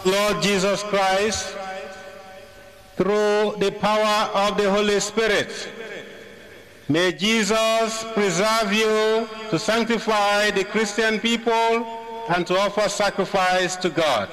Lord Jesus Christ through the power of the Holy Spirit. May Jesus preserve you to sanctify the Christian people and to offer sacrifice to God.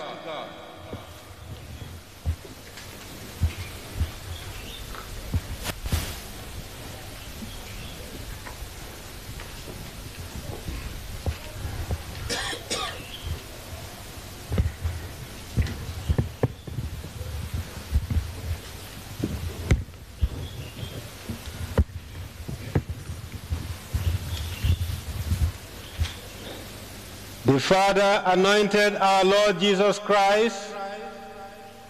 The Father anointed our Lord Jesus Christ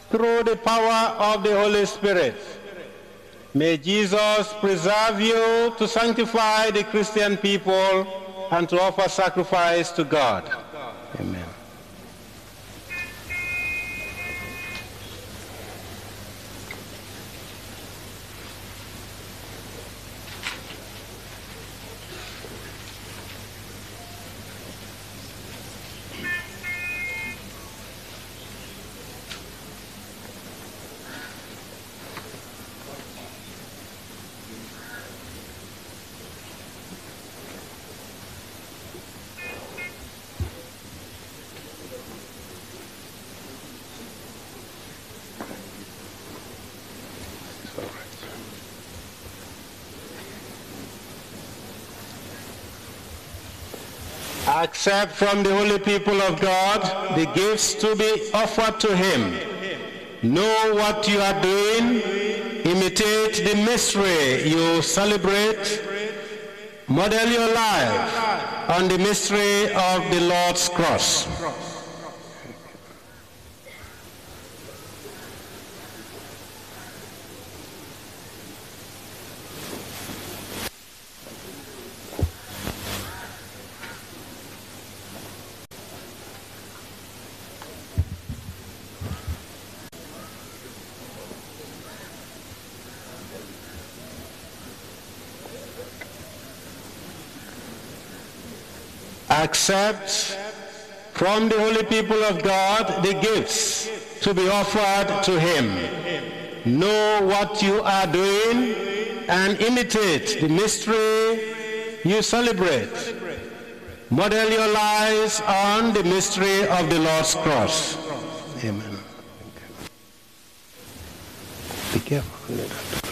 through the power of the Holy Spirit. May Jesus preserve you to sanctify the Christian people and to offer sacrifice to God. accept from the holy people of God the gifts to be offered to him. Know what you are doing. Imitate the mystery you celebrate. Model your life on the mystery of the Lord's cross. Accept from the holy people of God the gifts to be offered to him. Know what you are doing and imitate the mystery you celebrate. Model your lives on the mystery of the Lord's cross. Amen. Be careful.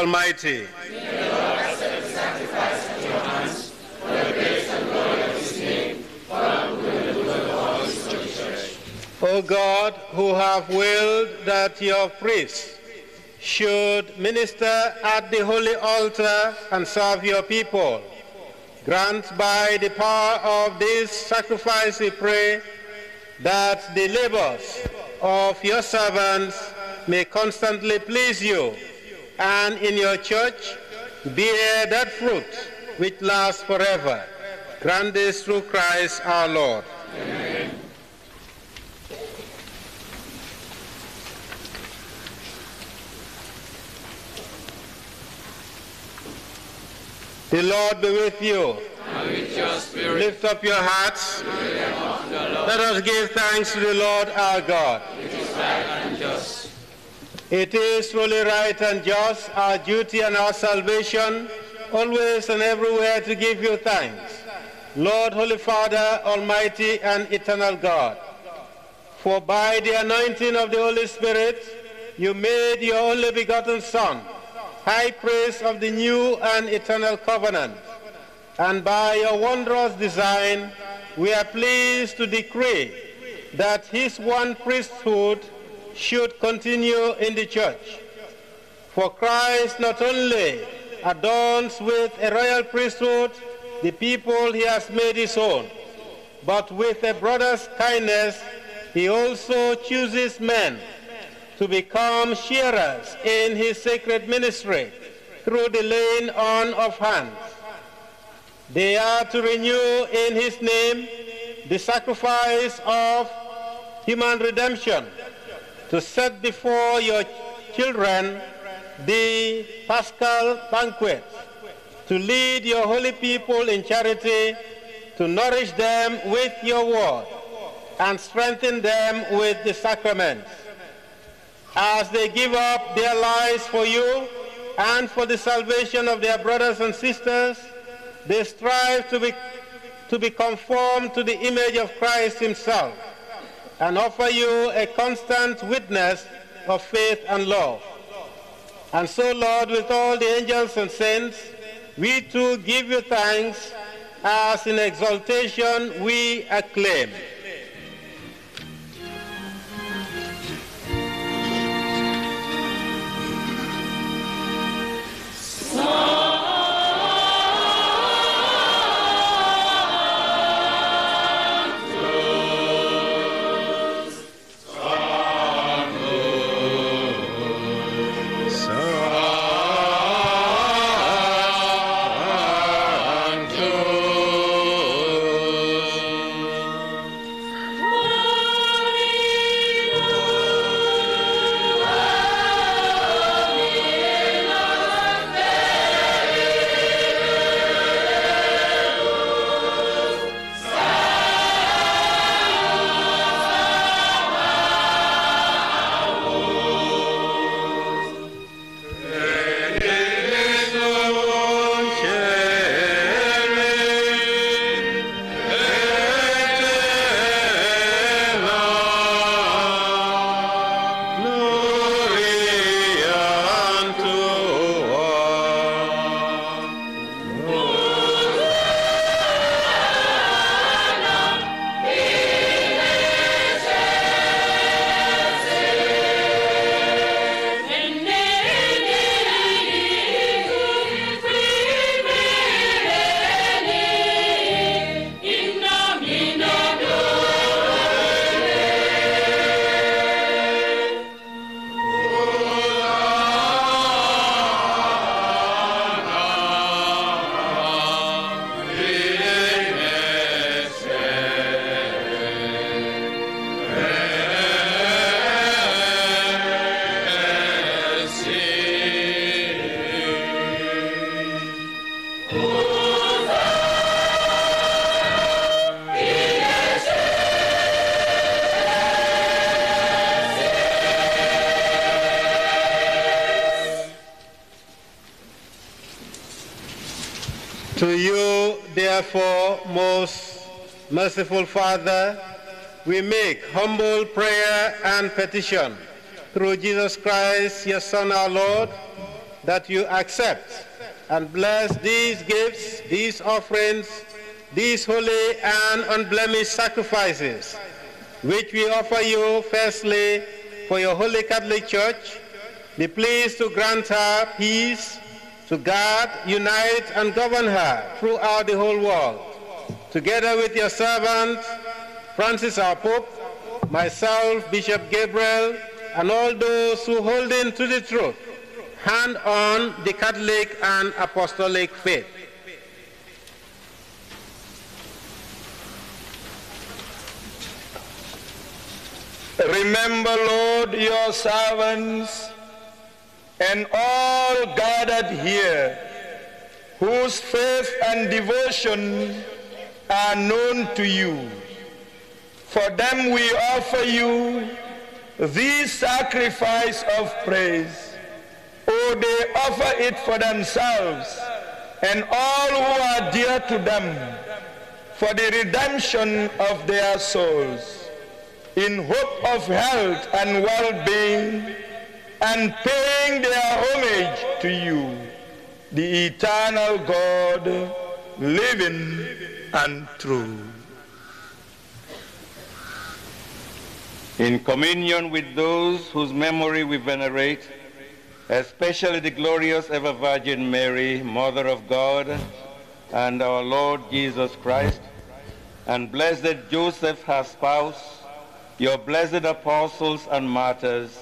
Almighty. O God, who have willed that your priests should minister at the holy altar and serve your people, grant by the power of this sacrifice, we pray, that the labors of your servants may constantly please you and in your church bear that fruit which lasts forever. Grant this through Christ our Lord. Amen. The Lord be with you. And with your spirit. Lift up your hearts. Up Let us give thanks to the Lord our God. It is fully right and just, our duty and our salvation, always and everywhere to give you thanks. Lord, Holy Father, Almighty and Eternal God, for by the anointing of the Holy Spirit, you made your only begotten Son, high priest of the new and eternal covenant. And by your wondrous design, we are pleased to decree that his one priesthood should continue in the church. For Christ not only adorns with a royal priesthood the people he has made his own, but with a brother's kindness he also chooses men to become sharers in his sacred ministry through the laying on of hands. They are to renew in his name the sacrifice of human redemption to set before your children the paschal banquet, to lead your holy people in charity, to nourish them with your word, and strengthen them with the sacraments. As they give up their lives for you and for the salvation of their brothers and sisters, they strive to be, to be conformed to the image of Christ himself and offer you a constant witness of faith and love. And so, Lord, with all the angels and saints, we too give you thanks as in exaltation we acclaim. merciful Father, we make humble prayer and petition through Jesus Christ, your Son, our Lord, that you accept and bless these gifts, these offerings, these holy and unblemished sacrifices, which we offer you firstly for your holy Catholic Church. Be pleased to grant her peace, to guard, unite, and govern her throughout the whole world together with your servant, Francis our Pope, myself, Bishop Gabriel, and all those who hold in to the truth, hand on the Catholic and Apostolic faith. Remember, Lord, your servants and all gathered here whose faith and devotion are known to you. For them we offer you this sacrifice of praise. Oh, they offer it for themselves and all who are dear to them for the redemption of their souls in hope of health and well-being and paying their homage to you, the eternal God, living and true. In communion with those whose memory we venerate, especially the glorious ever Virgin Mary, Mother of God, and our Lord Jesus Christ, and blessed Joseph, her spouse, your blessed apostles and martyrs,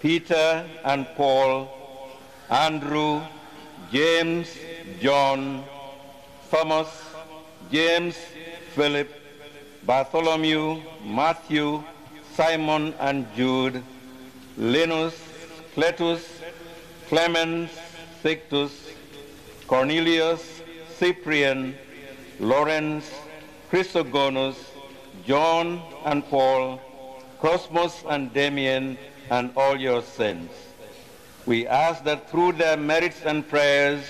Peter and Paul, Andrew, James, John, Thomas, James, Philip, Bartholomew, Matthew, Simon and Jude, Linus, Cletus, Clement, Sictus, Cornelius, Cyprian, Lawrence, Chrysogonus, John and Paul, Cosmos and Damian, and all your saints. We ask that through their merits and prayers,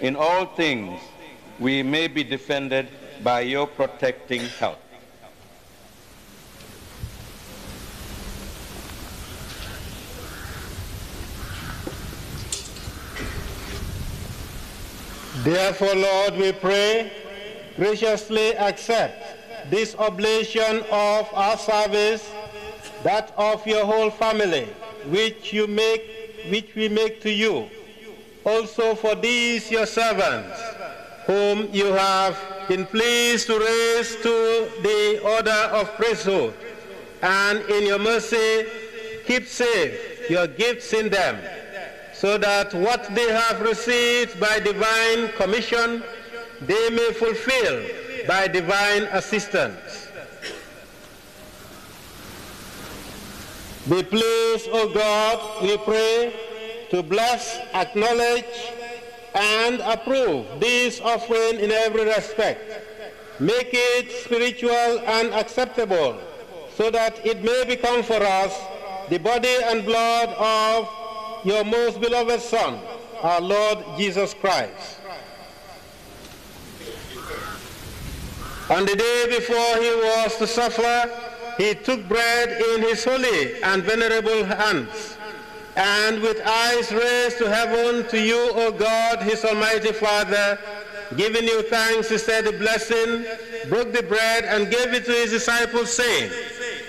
in all things, we may be defended by your protecting health. Therefore, Lord, we pray, graciously accept this oblation of our service, that of your whole family, which you make, which we make to you, also for these your servants whom you have been pleased to raise to the order of priesthood, and in your mercy keep safe your gifts in them, so that what they have received by divine commission they may fulfill by divine assistance. Be pleased, O God, we pray, to bless, acknowledge, and approve this offering in every respect. Make it spiritual and acceptable so that it may become for us the body and blood of your most beloved Son, our Lord Jesus Christ. On the day before he was to suffer, he took bread in his holy and venerable hands and with eyes raised to heaven to you, O God, his almighty Father, giving you thanks, he said a blessing, broke the bread, and gave it to his disciples, saying,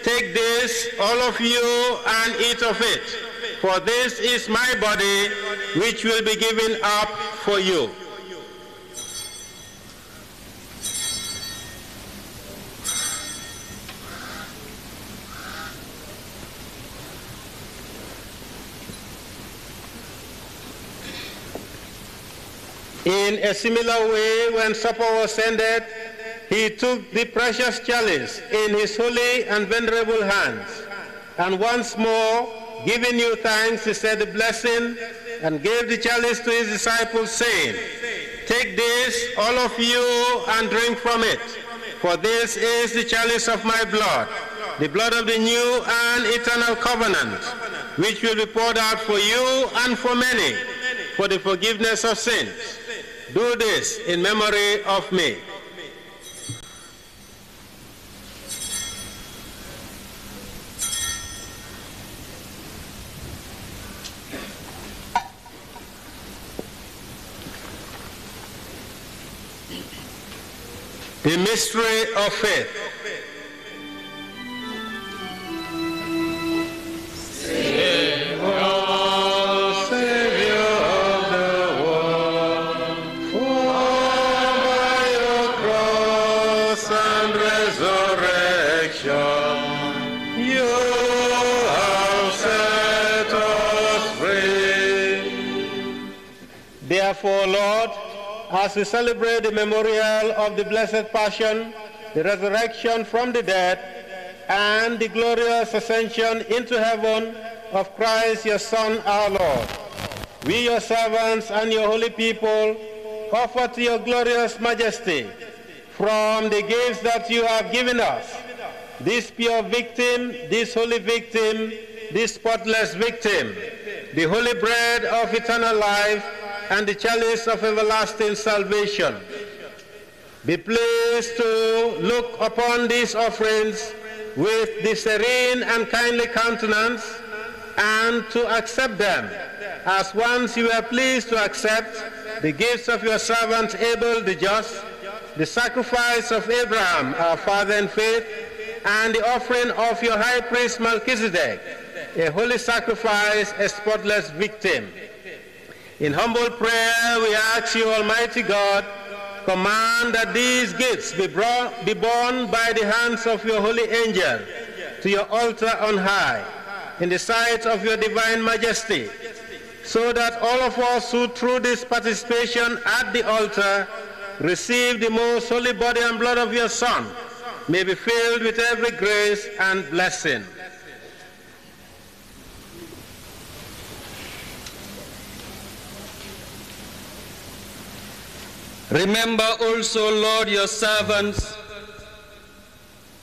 Take this, all of you, and eat of it, for this is my body, which will be given up for you. In a similar way, when supper was ended, he took the precious chalice in his holy and venerable hands, and once more, giving you thanks, he said a blessing and gave the chalice to his disciples, saying, Take this, all of you, and drink from it, for this is the chalice of my blood, the blood of the new and eternal covenant, which will be poured out for you and for many for the forgiveness of sins. Do this in memory of me. The mystery of faith. Sing, Therefore, Lord, as we celebrate the memorial of the blessed passion, the resurrection from the dead, and the glorious ascension into heaven of Christ your Son, our Lord, we, your servants and your holy people, offer to your glorious majesty from the gifts that you have given us this pure victim, this holy victim, this spotless victim the holy bread of eternal life, and the chalice of everlasting salvation. Be pleased to look upon these offerings with the serene and kindly countenance and to accept them, as once you were pleased to accept the gifts of your servant Abel the just, the sacrifice of Abraham, our father in faith, and the offering of your high priest Melchizedek a holy sacrifice, a spotless victim. In humble prayer, we ask you, Almighty God, command that these gifts be, brought, be borne by the hands of your holy angel to your altar on high, in the sight of your divine majesty, so that all of us who through this participation at the altar receive the most holy body and blood of your Son may be filled with every grace and blessing. Remember also, Lord, your servants,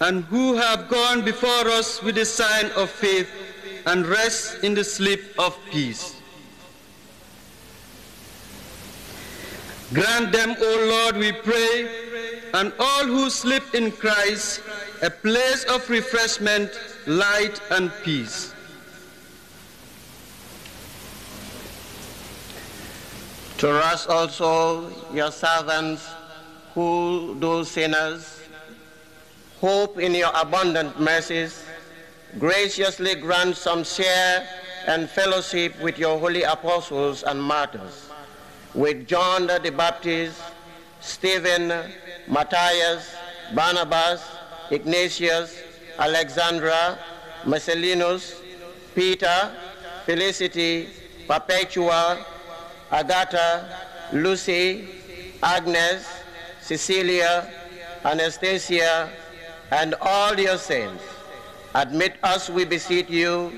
and who have gone before us with the sign of faith and rest in the sleep of peace. Grant them, O Lord, we pray, and all who sleep in Christ, a place of refreshment, light, and peace. To us also, your servants, who do sinners, hope in your abundant mercies, graciously grant some share and fellowship with your holy apostles and martyrs, with John the Baptist, Stephen, Matthias, Barnabas, Ignatius, Alexandra, Marcellinus, Peter, Felicity, Perpetua, Agatha, Lucy, Agnes, Cecilia, Anastasia, and all your saints. Admit us, we beseech you,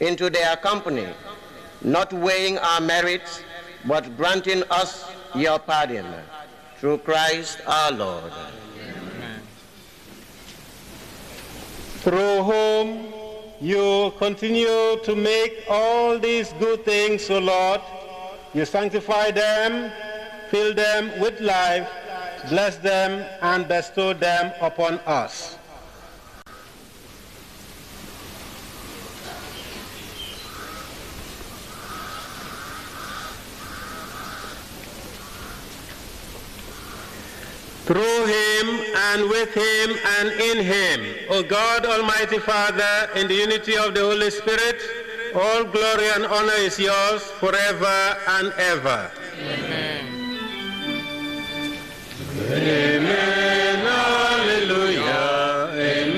into their company, not weighing our merits, but granting us your pardon. Through Christ our Lord. Through whom you continue to make all these good things, O Lord, you sanctify them, fill them with life, bless them, and bestow them upon us. through him and with him and in him. O God, Almighty Father, in the unity of the Holy Spirit, all glory and honor is yours forever and ever. Amen. Amen. Alleluia. Amen.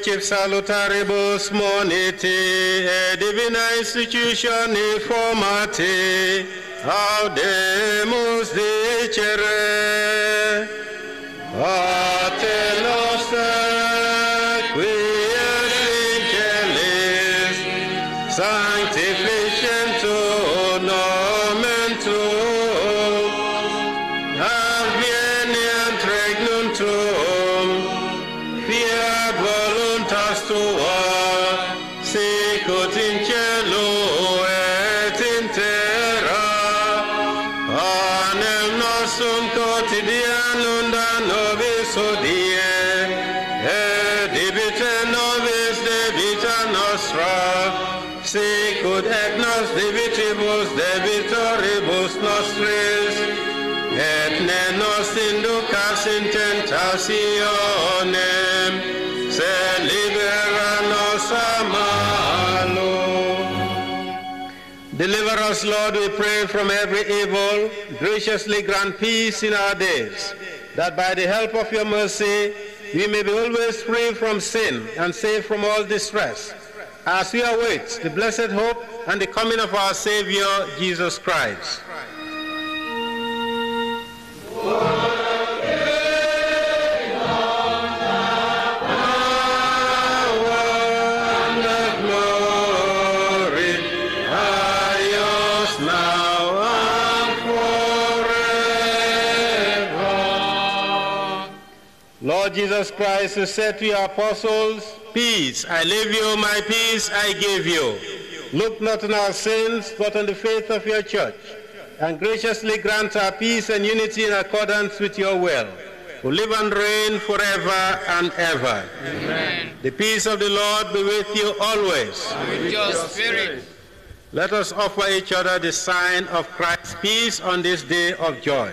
Salutary Salutaribus Moniti, a divine institution informati, audemus dicere. Lord, we pray from every evil, graciously grant peace in our days, that by the help of your mercy, we may be always free from sin and safe from all distress, as we await the blessed hope and the coming of our Savior, Jesus Christ. Lord Jesus Christ, who said to your apostles, Peace I leave you, my peace I give you. Look not on our sins, but on the faith of your church, and graciously grant our peace and unity in accordance with your will, who live and reign forever and ever. Amen. The peace of the Lord be with you always. And with your spirit. Let us offer each other the sign of Christ's peace on this day of joy.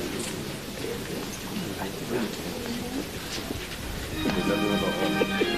你先给我走。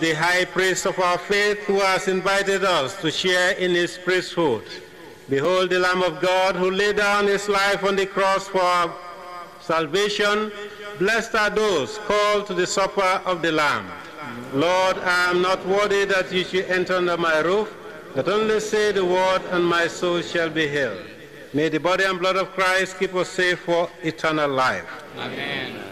the high priest of our faith who has invited us to share in his priesthood. Behold the Lamb of God who laid down his life on the cross for our salvation. Blessed are those called to the supper of the Lamb. Lord, I am not worthy that you should enter under my roof, but only say the word and my soul shall be healed. May the body and blood of Christ keep us safe for eternal life. Amen.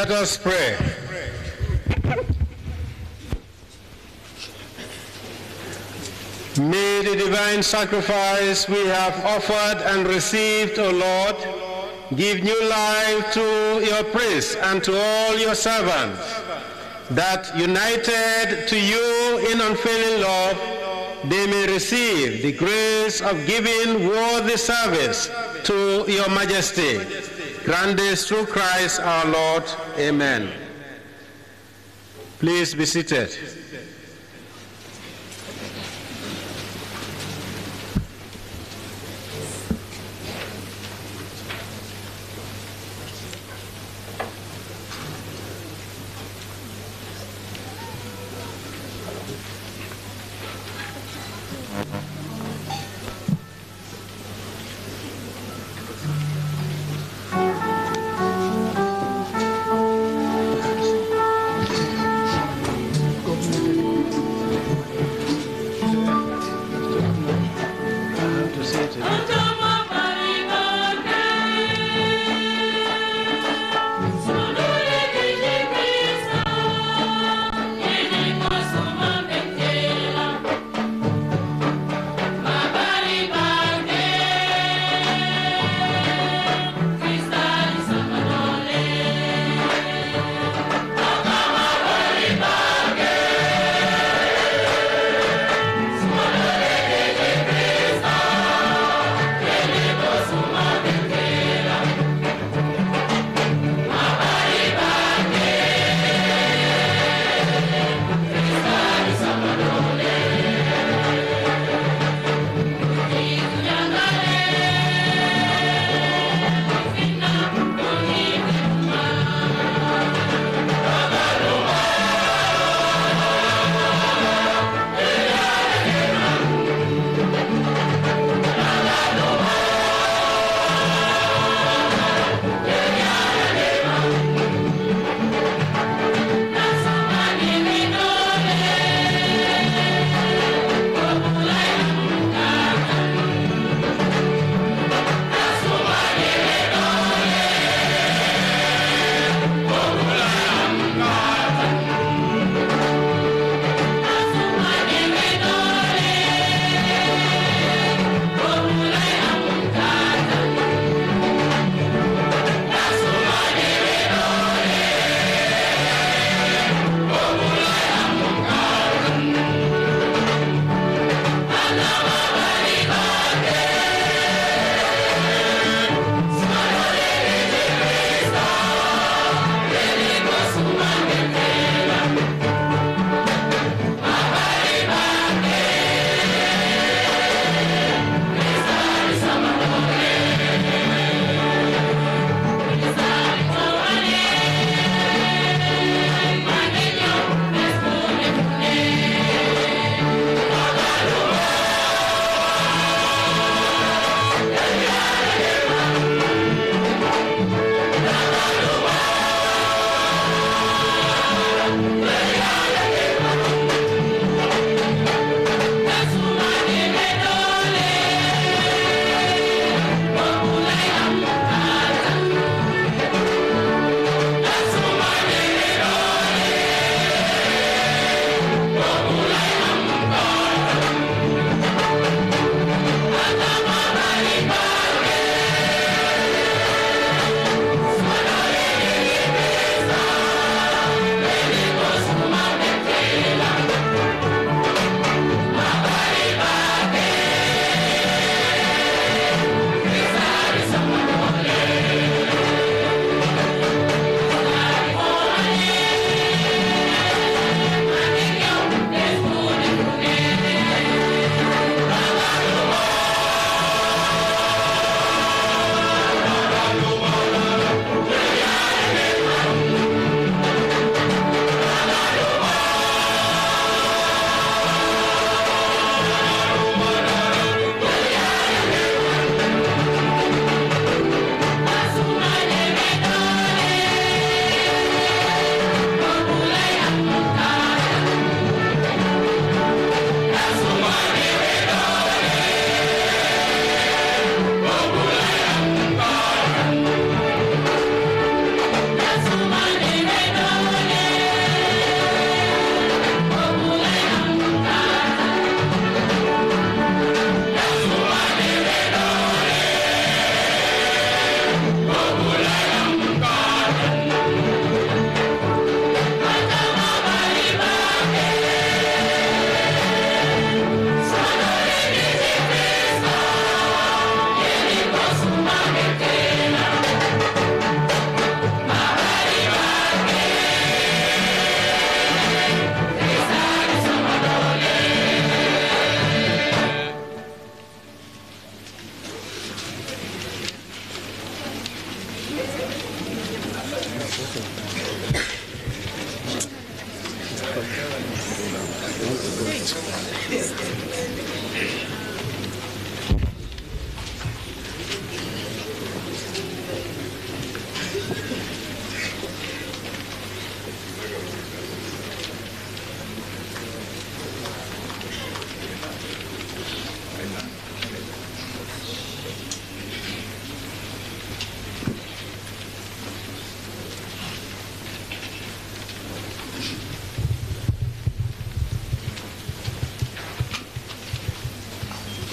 Let us pray. May the divine sacrifice we have offered and received, O Lord, give new life to your priests and to all your servants, that united to you in unfailing love, they may receive the grace of giving worthy service to your majesty. Grant this through Christ our Lord. Amen. Please be seated.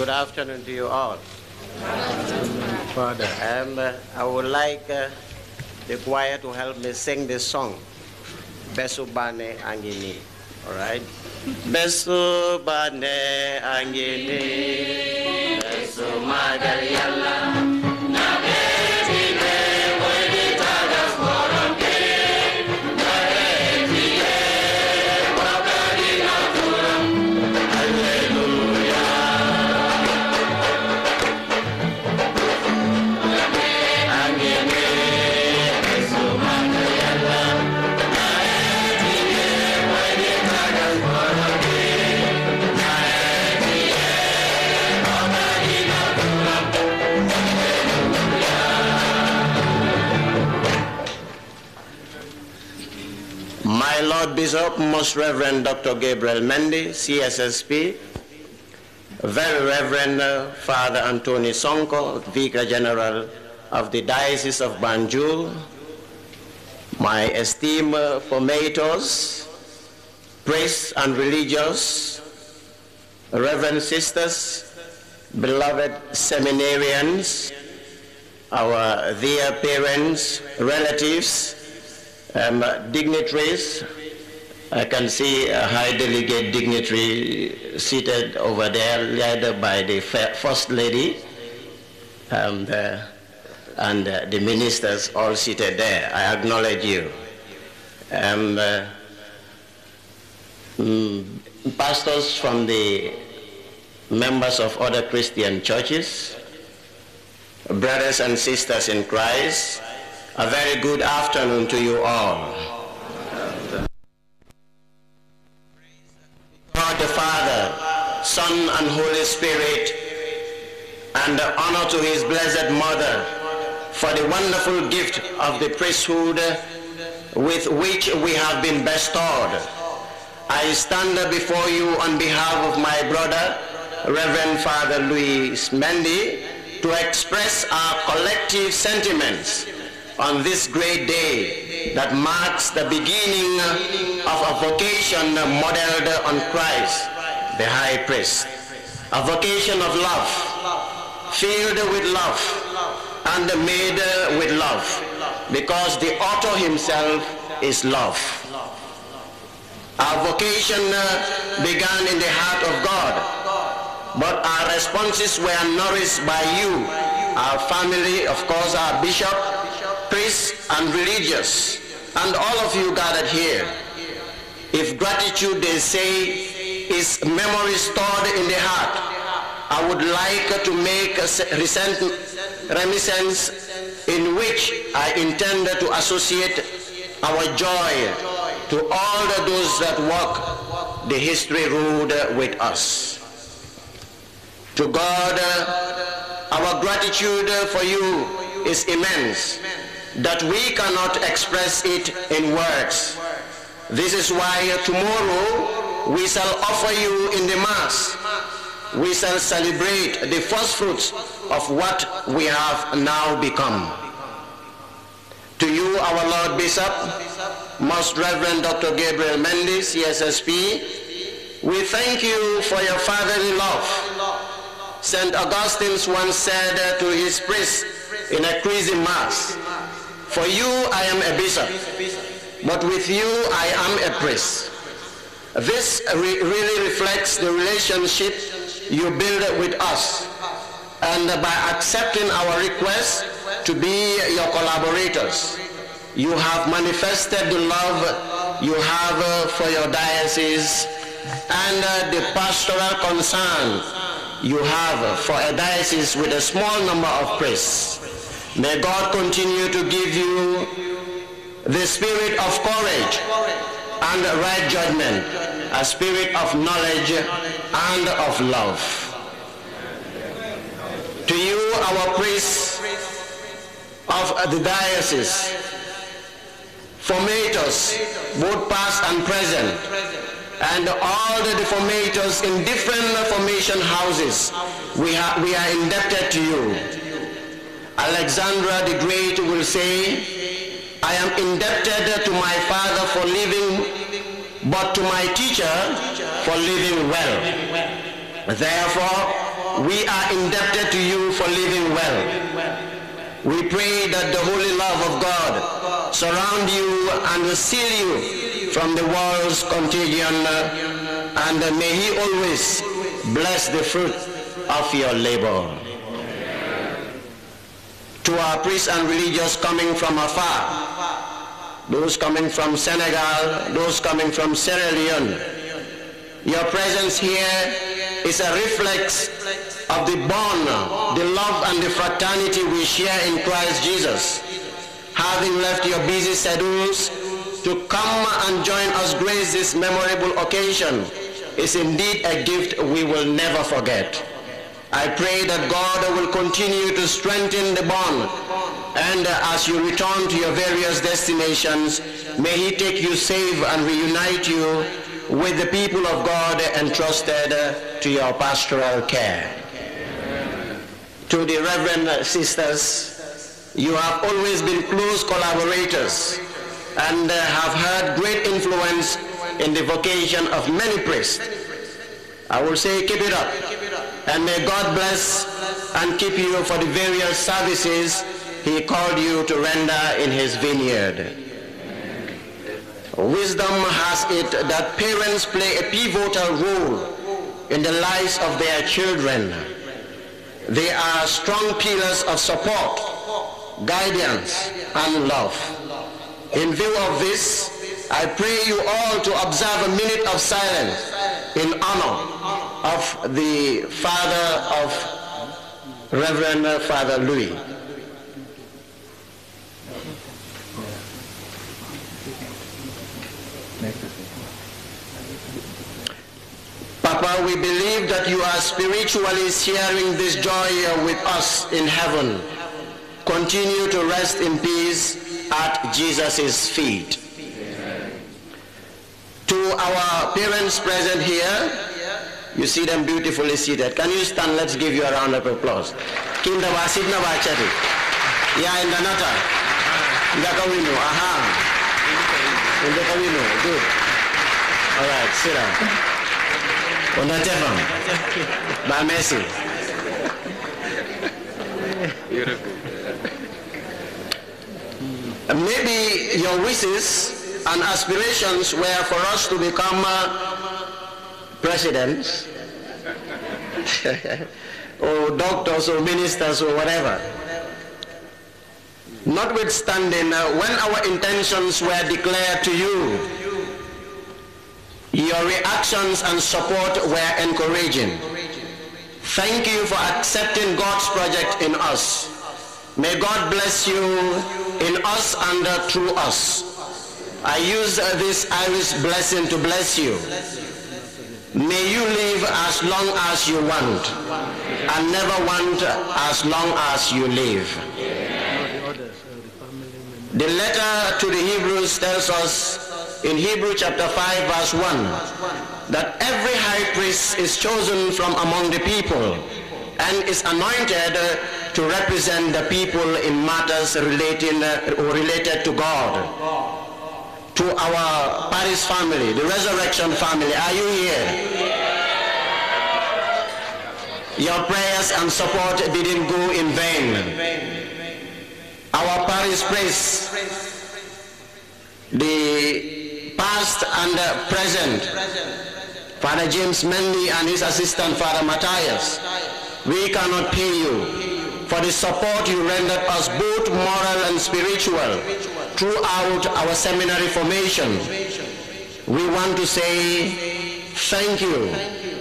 Good afternoon to you all. Father, um, I would like uh, the choir to help me sing this song, Besubane Angini. All right? Besubane Angini, Besumagal Yalla. Lord Bishop, Most Reverend Dr. Gabriel Mendy, CSSP, Very Reverend Father Anthony Sonko, Vicar General of the Diocese of Banjul, my esteemed formators, priests and religious, Reverend sisters, beloved seminarians, our dear parents, relatives, um, dignitaries. I can see a high delegate dignitary seated over there, led by the First Lady and, um, uh, and uh, the ministers all seated there. I acknowledge you. Um, uh, mm, pastors from the members of other Christian churches, brothers and sisters in Christ, a very good afternoon to you all. God the Father, Son and Holy Spirit, and honor to his blessed mother for the wonderful gift of the priesthood with which we have been bestowed. I stand before you on behalf of my brother, Reverend Father Luis Mendy, to express our collective sentiments on this great day that marks the beginning of a vocation modeled on Christ, the high priest. A vocation of love, filled with love, and made with love, because the author himself is love. Our vocation began in the heart of God, but our responses were nourished by you, our family, of course, our bishop, priests and religious, and all of you gathered here. If gratitude, they say, is memory stored in the heart, I would like to make a recent reminiscence in which I intend to associate our joy to all those that walk the history road with us. To God, our gratitude for you is immense that we cannot express it in words. This is why tomorrow we shall offer you in the Mass. We shall celebrate the first fruits of what we have now become. To you, our Lord Bishop, Most Reverend Dr. Gabriel Mendes, CSSP, we thank you for your fatherly love. St. Augustine once said to his priest in a crazy mass, for you, I am a bishop, but with you, I am a priest. This re really reflects the relationship you build with us, and by accepting our request to be your collaborators, you have manifested the love you have for your diocese and the pastoral concern you have for a diocese with a small number of priests. May God continue to give you the spirit of courage and right judgment, a spirit of knowledge and of love. To you, our priests of the diocese, formators, both past and present, and all the formators in different formation houses, we are, we are indebted to you. Alexander the Great will say, I am indebted to my father for living, but to my teacher for living well. Therefore, we are indebted to you for living well. We pray that the holy love of God surround you and seal you from the world's contagion, and may He always bless the fruit of your labor to our priests and religious coming from afar, those coming from Senegal, those coming from Sierra Leone. Your presence here is a reflex of the bond, the love and the fraternity we share in Christ Jesus. Having left your busy schedules to come and join us grace this memorable occasion is indeed a gift we will never forget. I pray that God will continue to strengthen the bond and uh, as you return to your various destinations, may he take you safe and reunite you with the people of God entrusted to your pastoral care. Amen. To the Reverend Sisters, you have always been close collaborators and uh, have had great influence in the vocation of many priests. I will say keep it up and may God bless and keep you for the various services he called you to render in his vineyard. Wisdom has it that parents play a pivotal role in the lives of their children. They are strong pillars of support, guidance, and love. In view of this, I pray you all to observe a minute of silence in honor of the father of Reverend Father Louis. Papa, we believe that you are spiritually sharing this joy with us in heaven. Continue to rest in peace at Jesus' feet. To our parents present here, you see them beautifully seated. Can you stand? Let's give you a round of applause. Kinda wasidna wachati. Ya in the nata. kawino. Aha. kawino. Good. All right, sit down. Ondatefam. By mercy. Beautiful. Maybe your wishes and aspirations were for us to become uh, presidents or doctors or ministers or whatever. Notwithstanding, uh, when our intentions were declared to you, your reactions and support were encouraging. Thank you for accepting God's project in us. May God bless you in us and uh, through us. I use uh, this Irish blessing to bless you. May you live as long as you want and never want as long as you live. The letter to the Hebrews tells us in Hebrew chapter 5 verse 1 that every high priest is chosen from among the people and is anointed to represent the people in matters relating or uh, related to God to our Paris family, the resurrection family. Are you here? Your prayers and support didn't go in vain. Our Paris praise, the past and the present, Father James Mendy and his assistant Father Matthias, we cannot pay you for the support you rendered us both moral and spiritual throughout our seminary formation. We want to say thank you.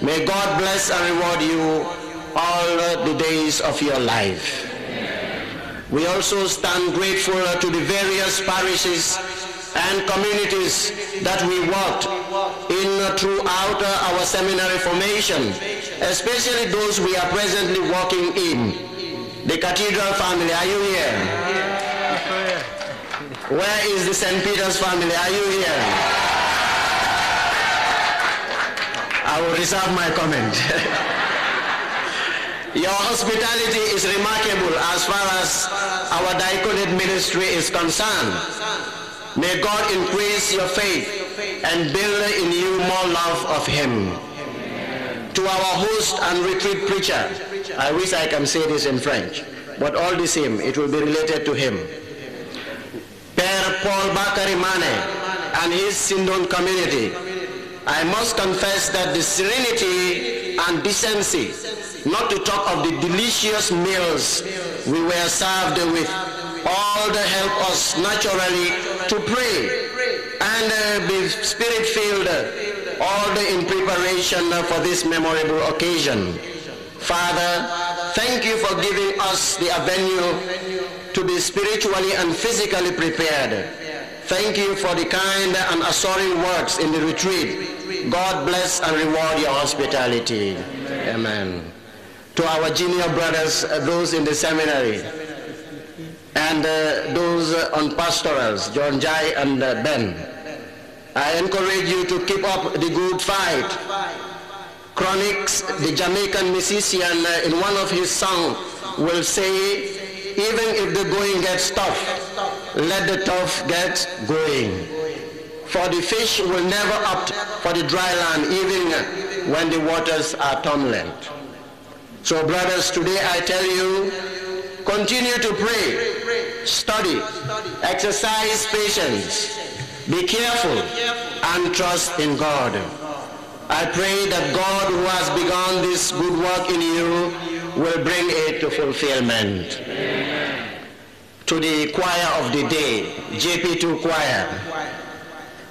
May God bless and reward you all the days of your life. We also stand grateful to the various parishes and communities that we worked in throughout our seminary formation, especially those we are presently working in. The cathedral family, are you here? Where is the St. Peter's family? Are you here? I will reserve my comment. Your hospitality is remarkable as far as our diaconate ministry is concerned. May God increase your faith and build in you more love of Him. To our host and retreat preacher, I wish I can say this in French, but all the same, it will be related to him. Père Paul Bakarimane Mane and his Sindon community, I must confess that the serenity and decency, not to talk of the delicious meals we were served with, all the help us naturally to pray and uh, be spirit-filled, all the in preparation for this memorable occasion. Father, thank you for giving us the avenue to be spiritually and physically prepared. Thank you for the kind and assuring words in the retreat. God bless and reward your hospitality. Amen. To our junior brothers, uh, those in the seminary, and uh, those uh, on pastorals, John Jai and uh, Ben. I encourage you to keep up the good fight Chronics, the Jamaican musician, uh, in one of his songs will say, even if the going gets tough, let the tough get going. For the fish will never opt for the dry land, even when the waters are turbulent. So brothers, today I tell you, continue to pray, study, exercise patience, be careful, and trust in God. I pray that God who has begun this good work in you will bring it to fulfillment. Amen. To the choir of the day, JP2 choir,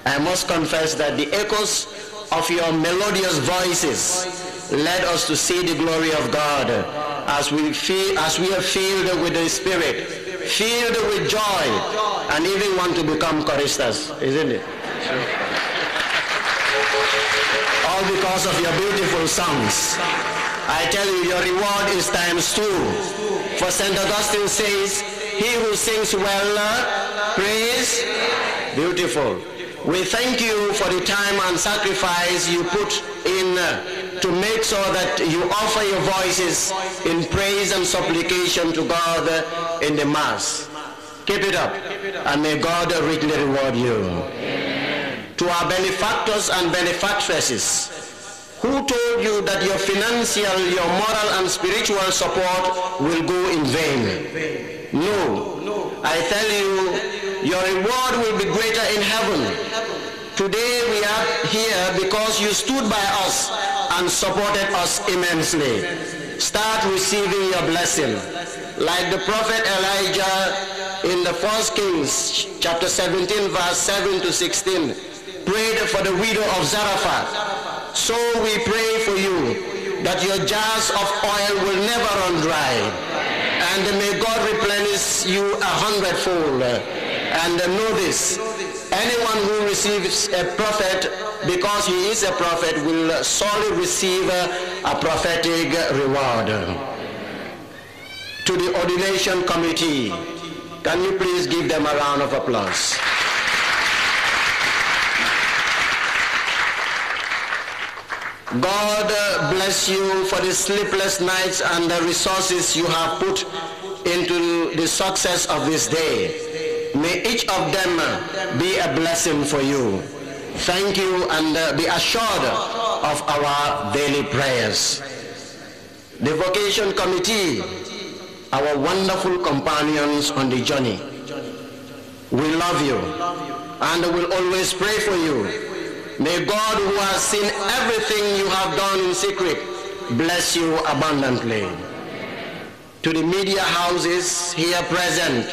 I must confess that the echoes of your melodious voices led us to see the glory of God as we, feel, as we are filled with the Spirit, filled with joy, and even want to become choristers, isn't it? all because of your beautiful songs. I tell you, your reward is times two. For St. Augustine says, he who sings well, uh, praise, beautiful. We thank you for the time and sacrifice you put in uh, to make sure that you offer your voices in praise and supplication to God in the Mass. Keep it up, and may God richly reward you to our benefactors and benefactresses who told you that your financial, your moral and spiritual support will go in vain. No, I tell you, your reward will be greater in heaven. Today we are here because you stood by us and supported us immensely. Start receiving your blessing. Like the prophet Elijah in the first Kings chapter 17 verse 7 to 16, prayed for the widow of Zarephath. So we pray for you that your jars of oil will never run dry. And may God replenish you a hundredfold. And know this, anyone who receives a prophet because he is a prophet will surely receive a prophetic reward. To the ordination committee, can you please give them a round of applause? God bless you for the sleepless nights and the resources you have put into the success of this day. May each of them be a blessing for you. Thank you and be assured of our daily prayers. The Vocation Committee, our wonderful companions on the journey, we love you and will always pray for you May God who has seen everything you have done in secret bless you abundantly. To the media houses here present,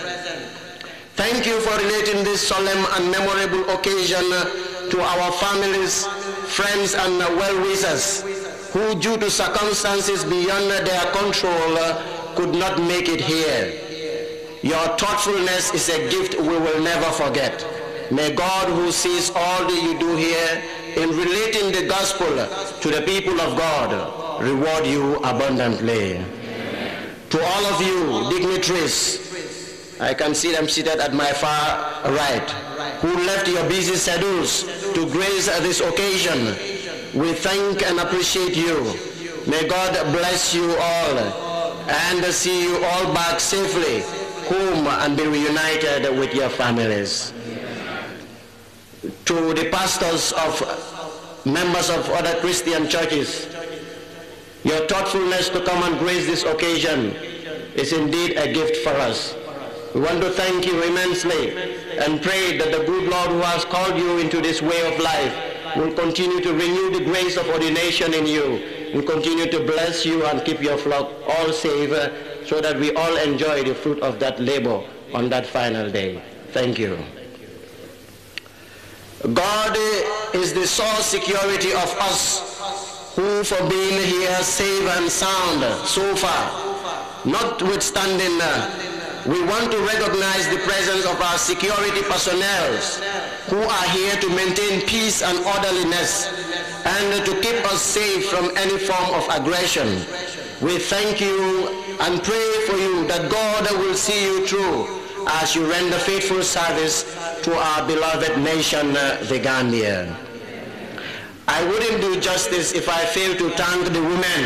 thank you for relating this solemn and memorable occasion to our families, friends, and well-wishers who, due to circumstances beyond their control, could not make it here. Your thoughtfulness is a gift we will never forget. May God who sees all that you do here in relating the gospel to the people of God reward you abundantly. Amen. To all of you dignitaries, I can see them seated at my far right, who left your busy schedules to grace this occasion. We thank and appreciate you. May God bless you all and see you all back safely home and be reunited with your families to the pastors of members of other Christian churches. Your thoughtfulness to come and grace this occasion is indeed a gift for us. We want to thank you immensely and pray that the good Lord who has called you into this way of life will continue to renew the grace of ordination in you, will continue to bless you and keep your flock all safe so that we all enjoy the fruit of that labor on that final day. Thank you. God is the sole security of us who for being here safe and sound so far. Notwithstanding, we want to recognize the presence of our security personnel who are here to maintain peace and orderliness and to keep us safe from any form of aggression. We thank you and pray for you that God will see you through as you render faithful service to our beloved nation, uh, the Gambia. I wouldn't do justice if I failed to thank the women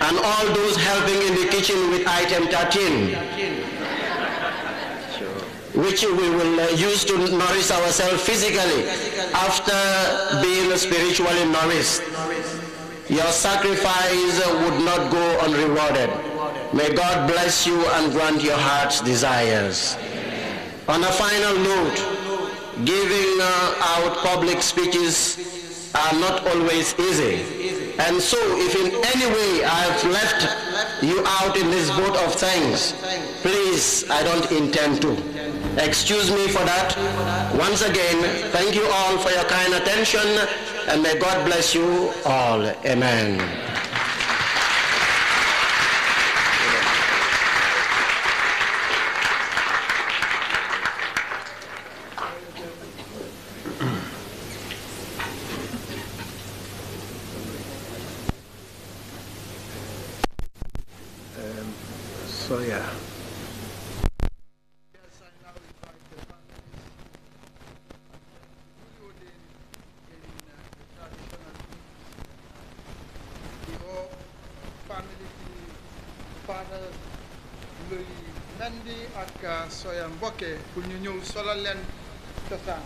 and all those helping in the kitchen with item 13 which we will uh, use to nourish ourselves physically after being spiritually nourished. Your sacrifice would not go unrewarded. May God bless you and grant your heart's desires. On a final note, giving uh, out public speeches are not always easy. And so if in any way I have left you out in this vote of thanks, please, I don't intend to. Excuse me for that. Once again, thank you all for your kind attention and may God bless you all. Amen. solal leen cosaan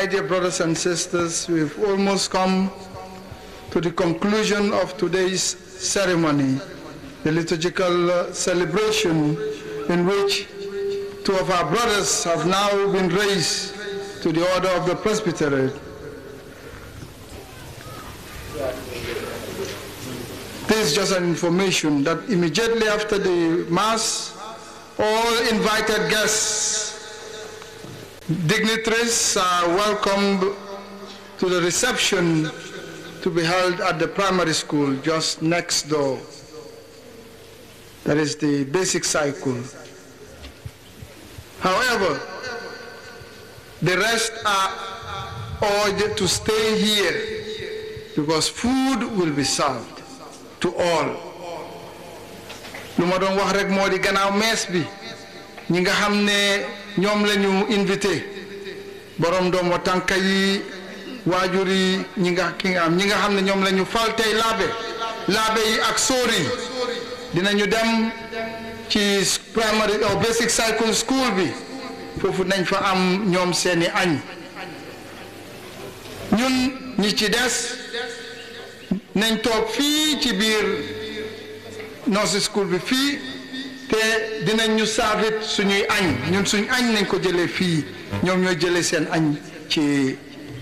my dear brothers and sisters, we've almost come to the conclusion of today's ceremony, the liturgical uh, celebration in which two of our brothers have now been raised to the order of the presbytery. This is just an information that immediately after the Mass, all invited guests Dignitaries are welcomed to the reception to be held at the primary school just next door. That is the basic cycle. However, the rest are ordered to stay here because food will be served to all. wax rek bi ñi nga ñoom la invité borom doom wa tànka yi waajur yi ñi nga ki nga am ñi nga xam ne ñoom lañu ñu fal tey laabe laabe yi ak sóor yi dinañu dem ci primary or basic cycle school bi foofu nañ fa am ñoom seeni añ ñun ñi ci des nañ toog fii ci biir nursery school bi fii te dinañ ñu suñuy ñun ko ci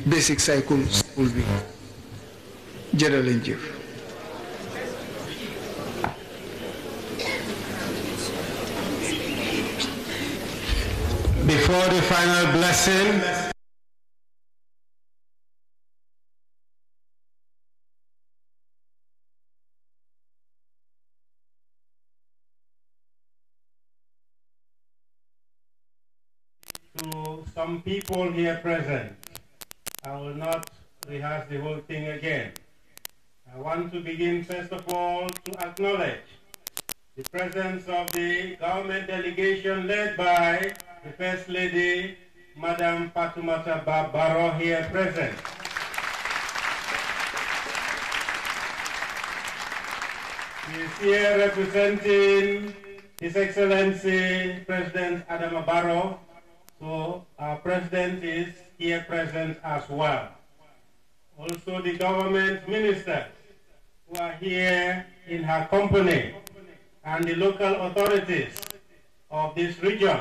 basic cycle school bi jërë lañ jëf Before the final blessing, people here present. I will not rehearse the whole thing again. I want to begin, first of all, to acknowledge the presence of the government delegation led by the First Lady, Madam Fatumata Barbaro, here present. He is here representing His Excellency President Adam Barrow, so our president is here present as well. Also the government ministers who are here in her company and the local authorities of this region.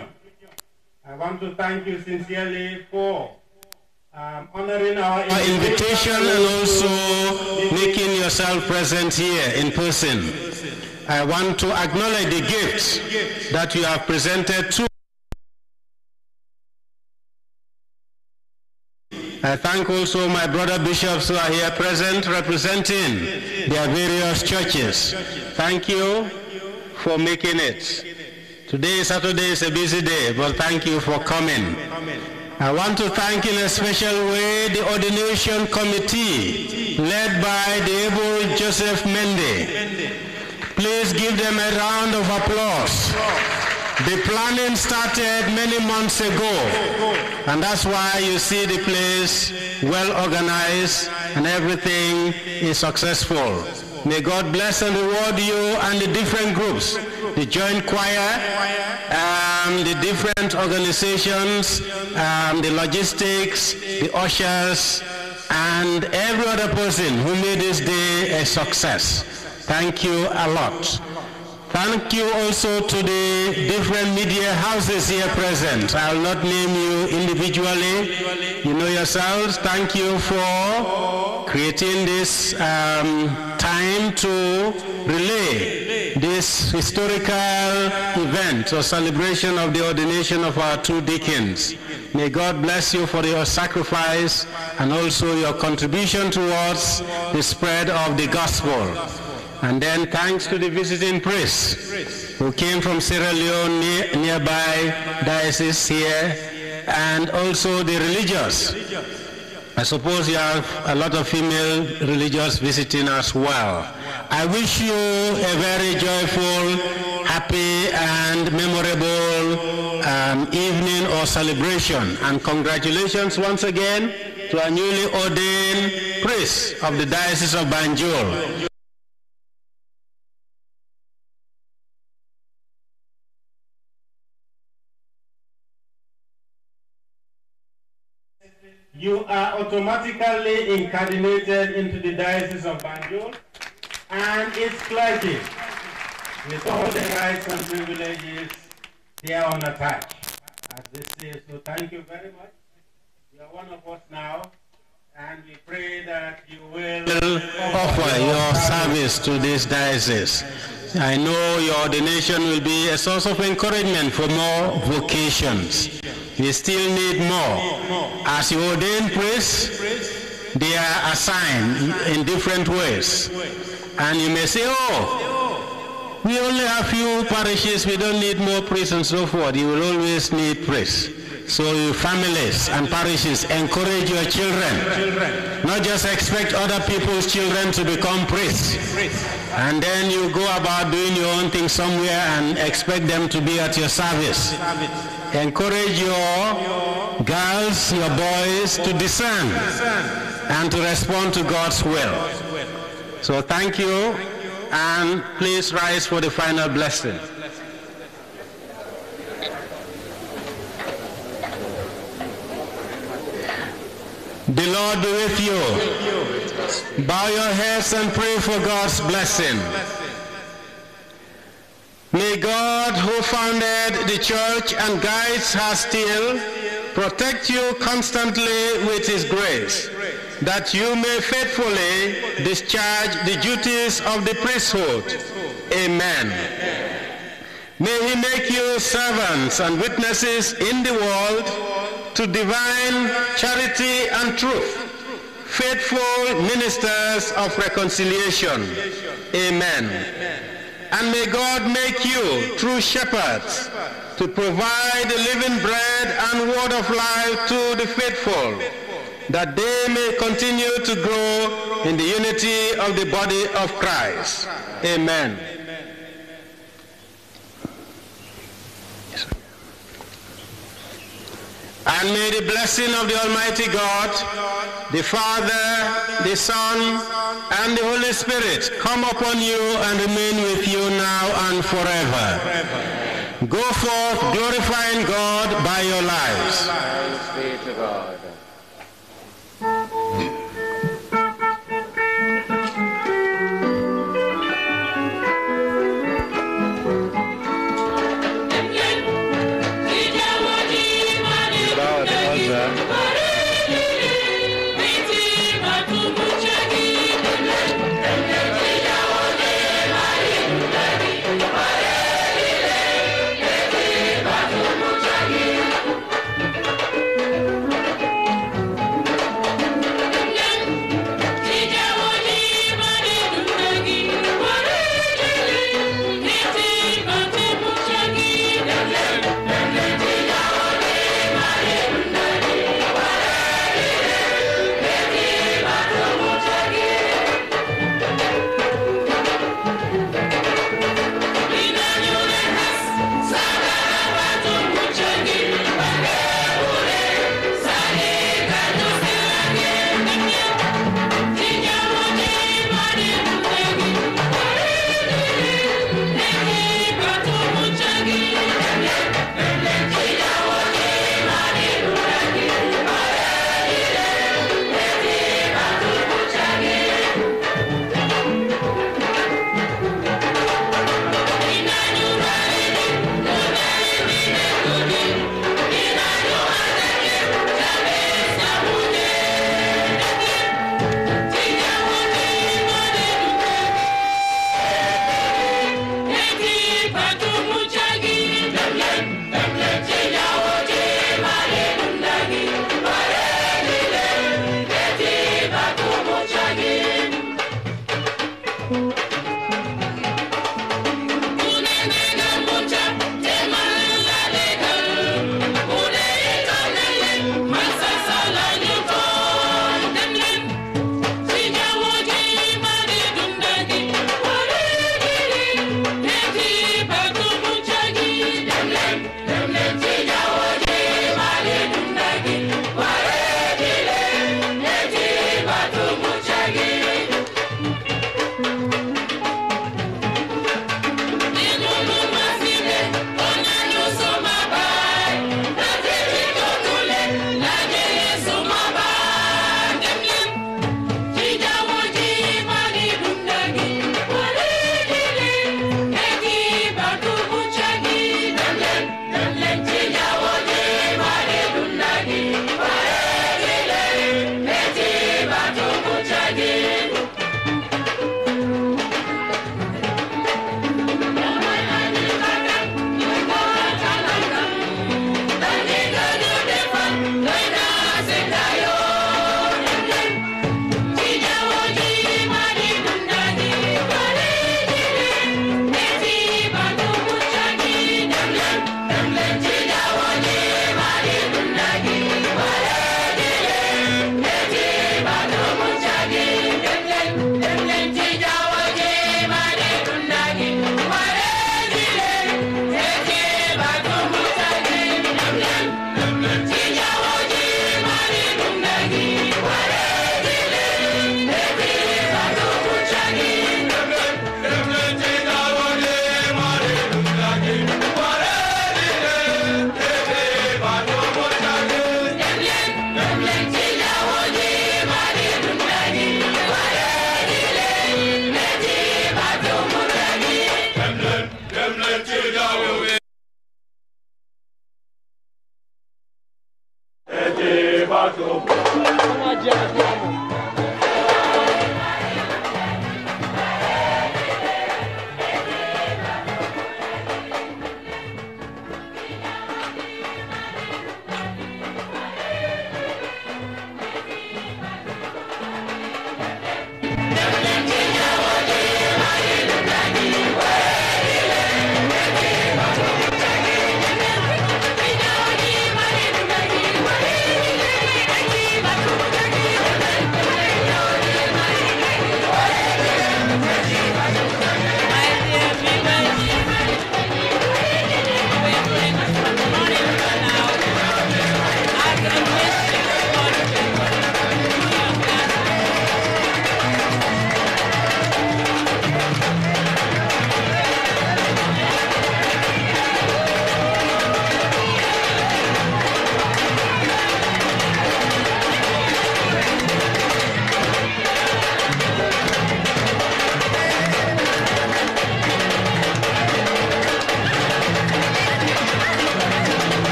I want to thank you sincerely for um, honoring our invitation and also making yourself present here in person. I want to acknowledge the gifts that you have presented to I thank also my brother bishops who are here present representing their various churches. Thank you for making it. Today, Saturday, is a busy day, but thank you for coming. I want to thank in a special way the ordination committee led by the able Joseph Mende. Please give them a round of applause. The planning started many months ago, and that's why you see the place well organized and everything is successful. May God bless and reward you and the different groups, the joint choir, um, the different organizations, um, the logistics, the ushers, and every other person who made this day a success. Thank you a lot. Thank you also to the different media houses here present. I will not name you individually. You know yourselves. Thank you for creating this um, time to relay this historical event or celebration of the ordination of our two deacons. May God bless you for your sacrifice and also your contribution towards the spread of the gospel. And then thanks to the visiting priests who came from Sierra Leone near, nearby diocese here and also the religious. I suppose you have a lot of female religious visiting as well. I wish you a very joyful, happy and memorable um, evening or celebration. And congratulations once again to our newly ordained priest of the Diocese of Banjul. automatically incarnated into the Diocese of Banjul and its clergy with all the rights and privileges they unattached, as they say. So thank you very much. You are one of us now, and we pray that you will offer your service to this diocese. I know your ordination will be a source of encouragement for more vocations. We still need more. As you ordain priests, they are assigned in different ways. And you may say, oh, we only have few parishes, we don't need more priests and so forth. You will always need priests. So families and parishes, encourage your children. Not just expect other people's children to become priests. And then you go about doing your own thing somewhere and expect them to be at your service. Encourage your girls, your boys to discern and to respond to God's will. So thank you and please rise for the final blessing. The Lord be with you. Bow your heads and pray for God's blessing. May God, who founded the church and guides her still, protect you constantly with his grace, that you may faithfully discharge the duties of the priesthood. Amen. May he make you servants and witnesses in the world to divine charity and truth, faithful ministers of reconciliation. Amen. And may God make you true shepherds to provide the living bread and word of life to the faithful, that they may continue to grow in the unity of the body of Christ. Amen. And may the blessing of the Almighty God, the Father, the Son, and the Holy Spirit come upon you and remain with you now and forever. Go forth glorifying God by your lives.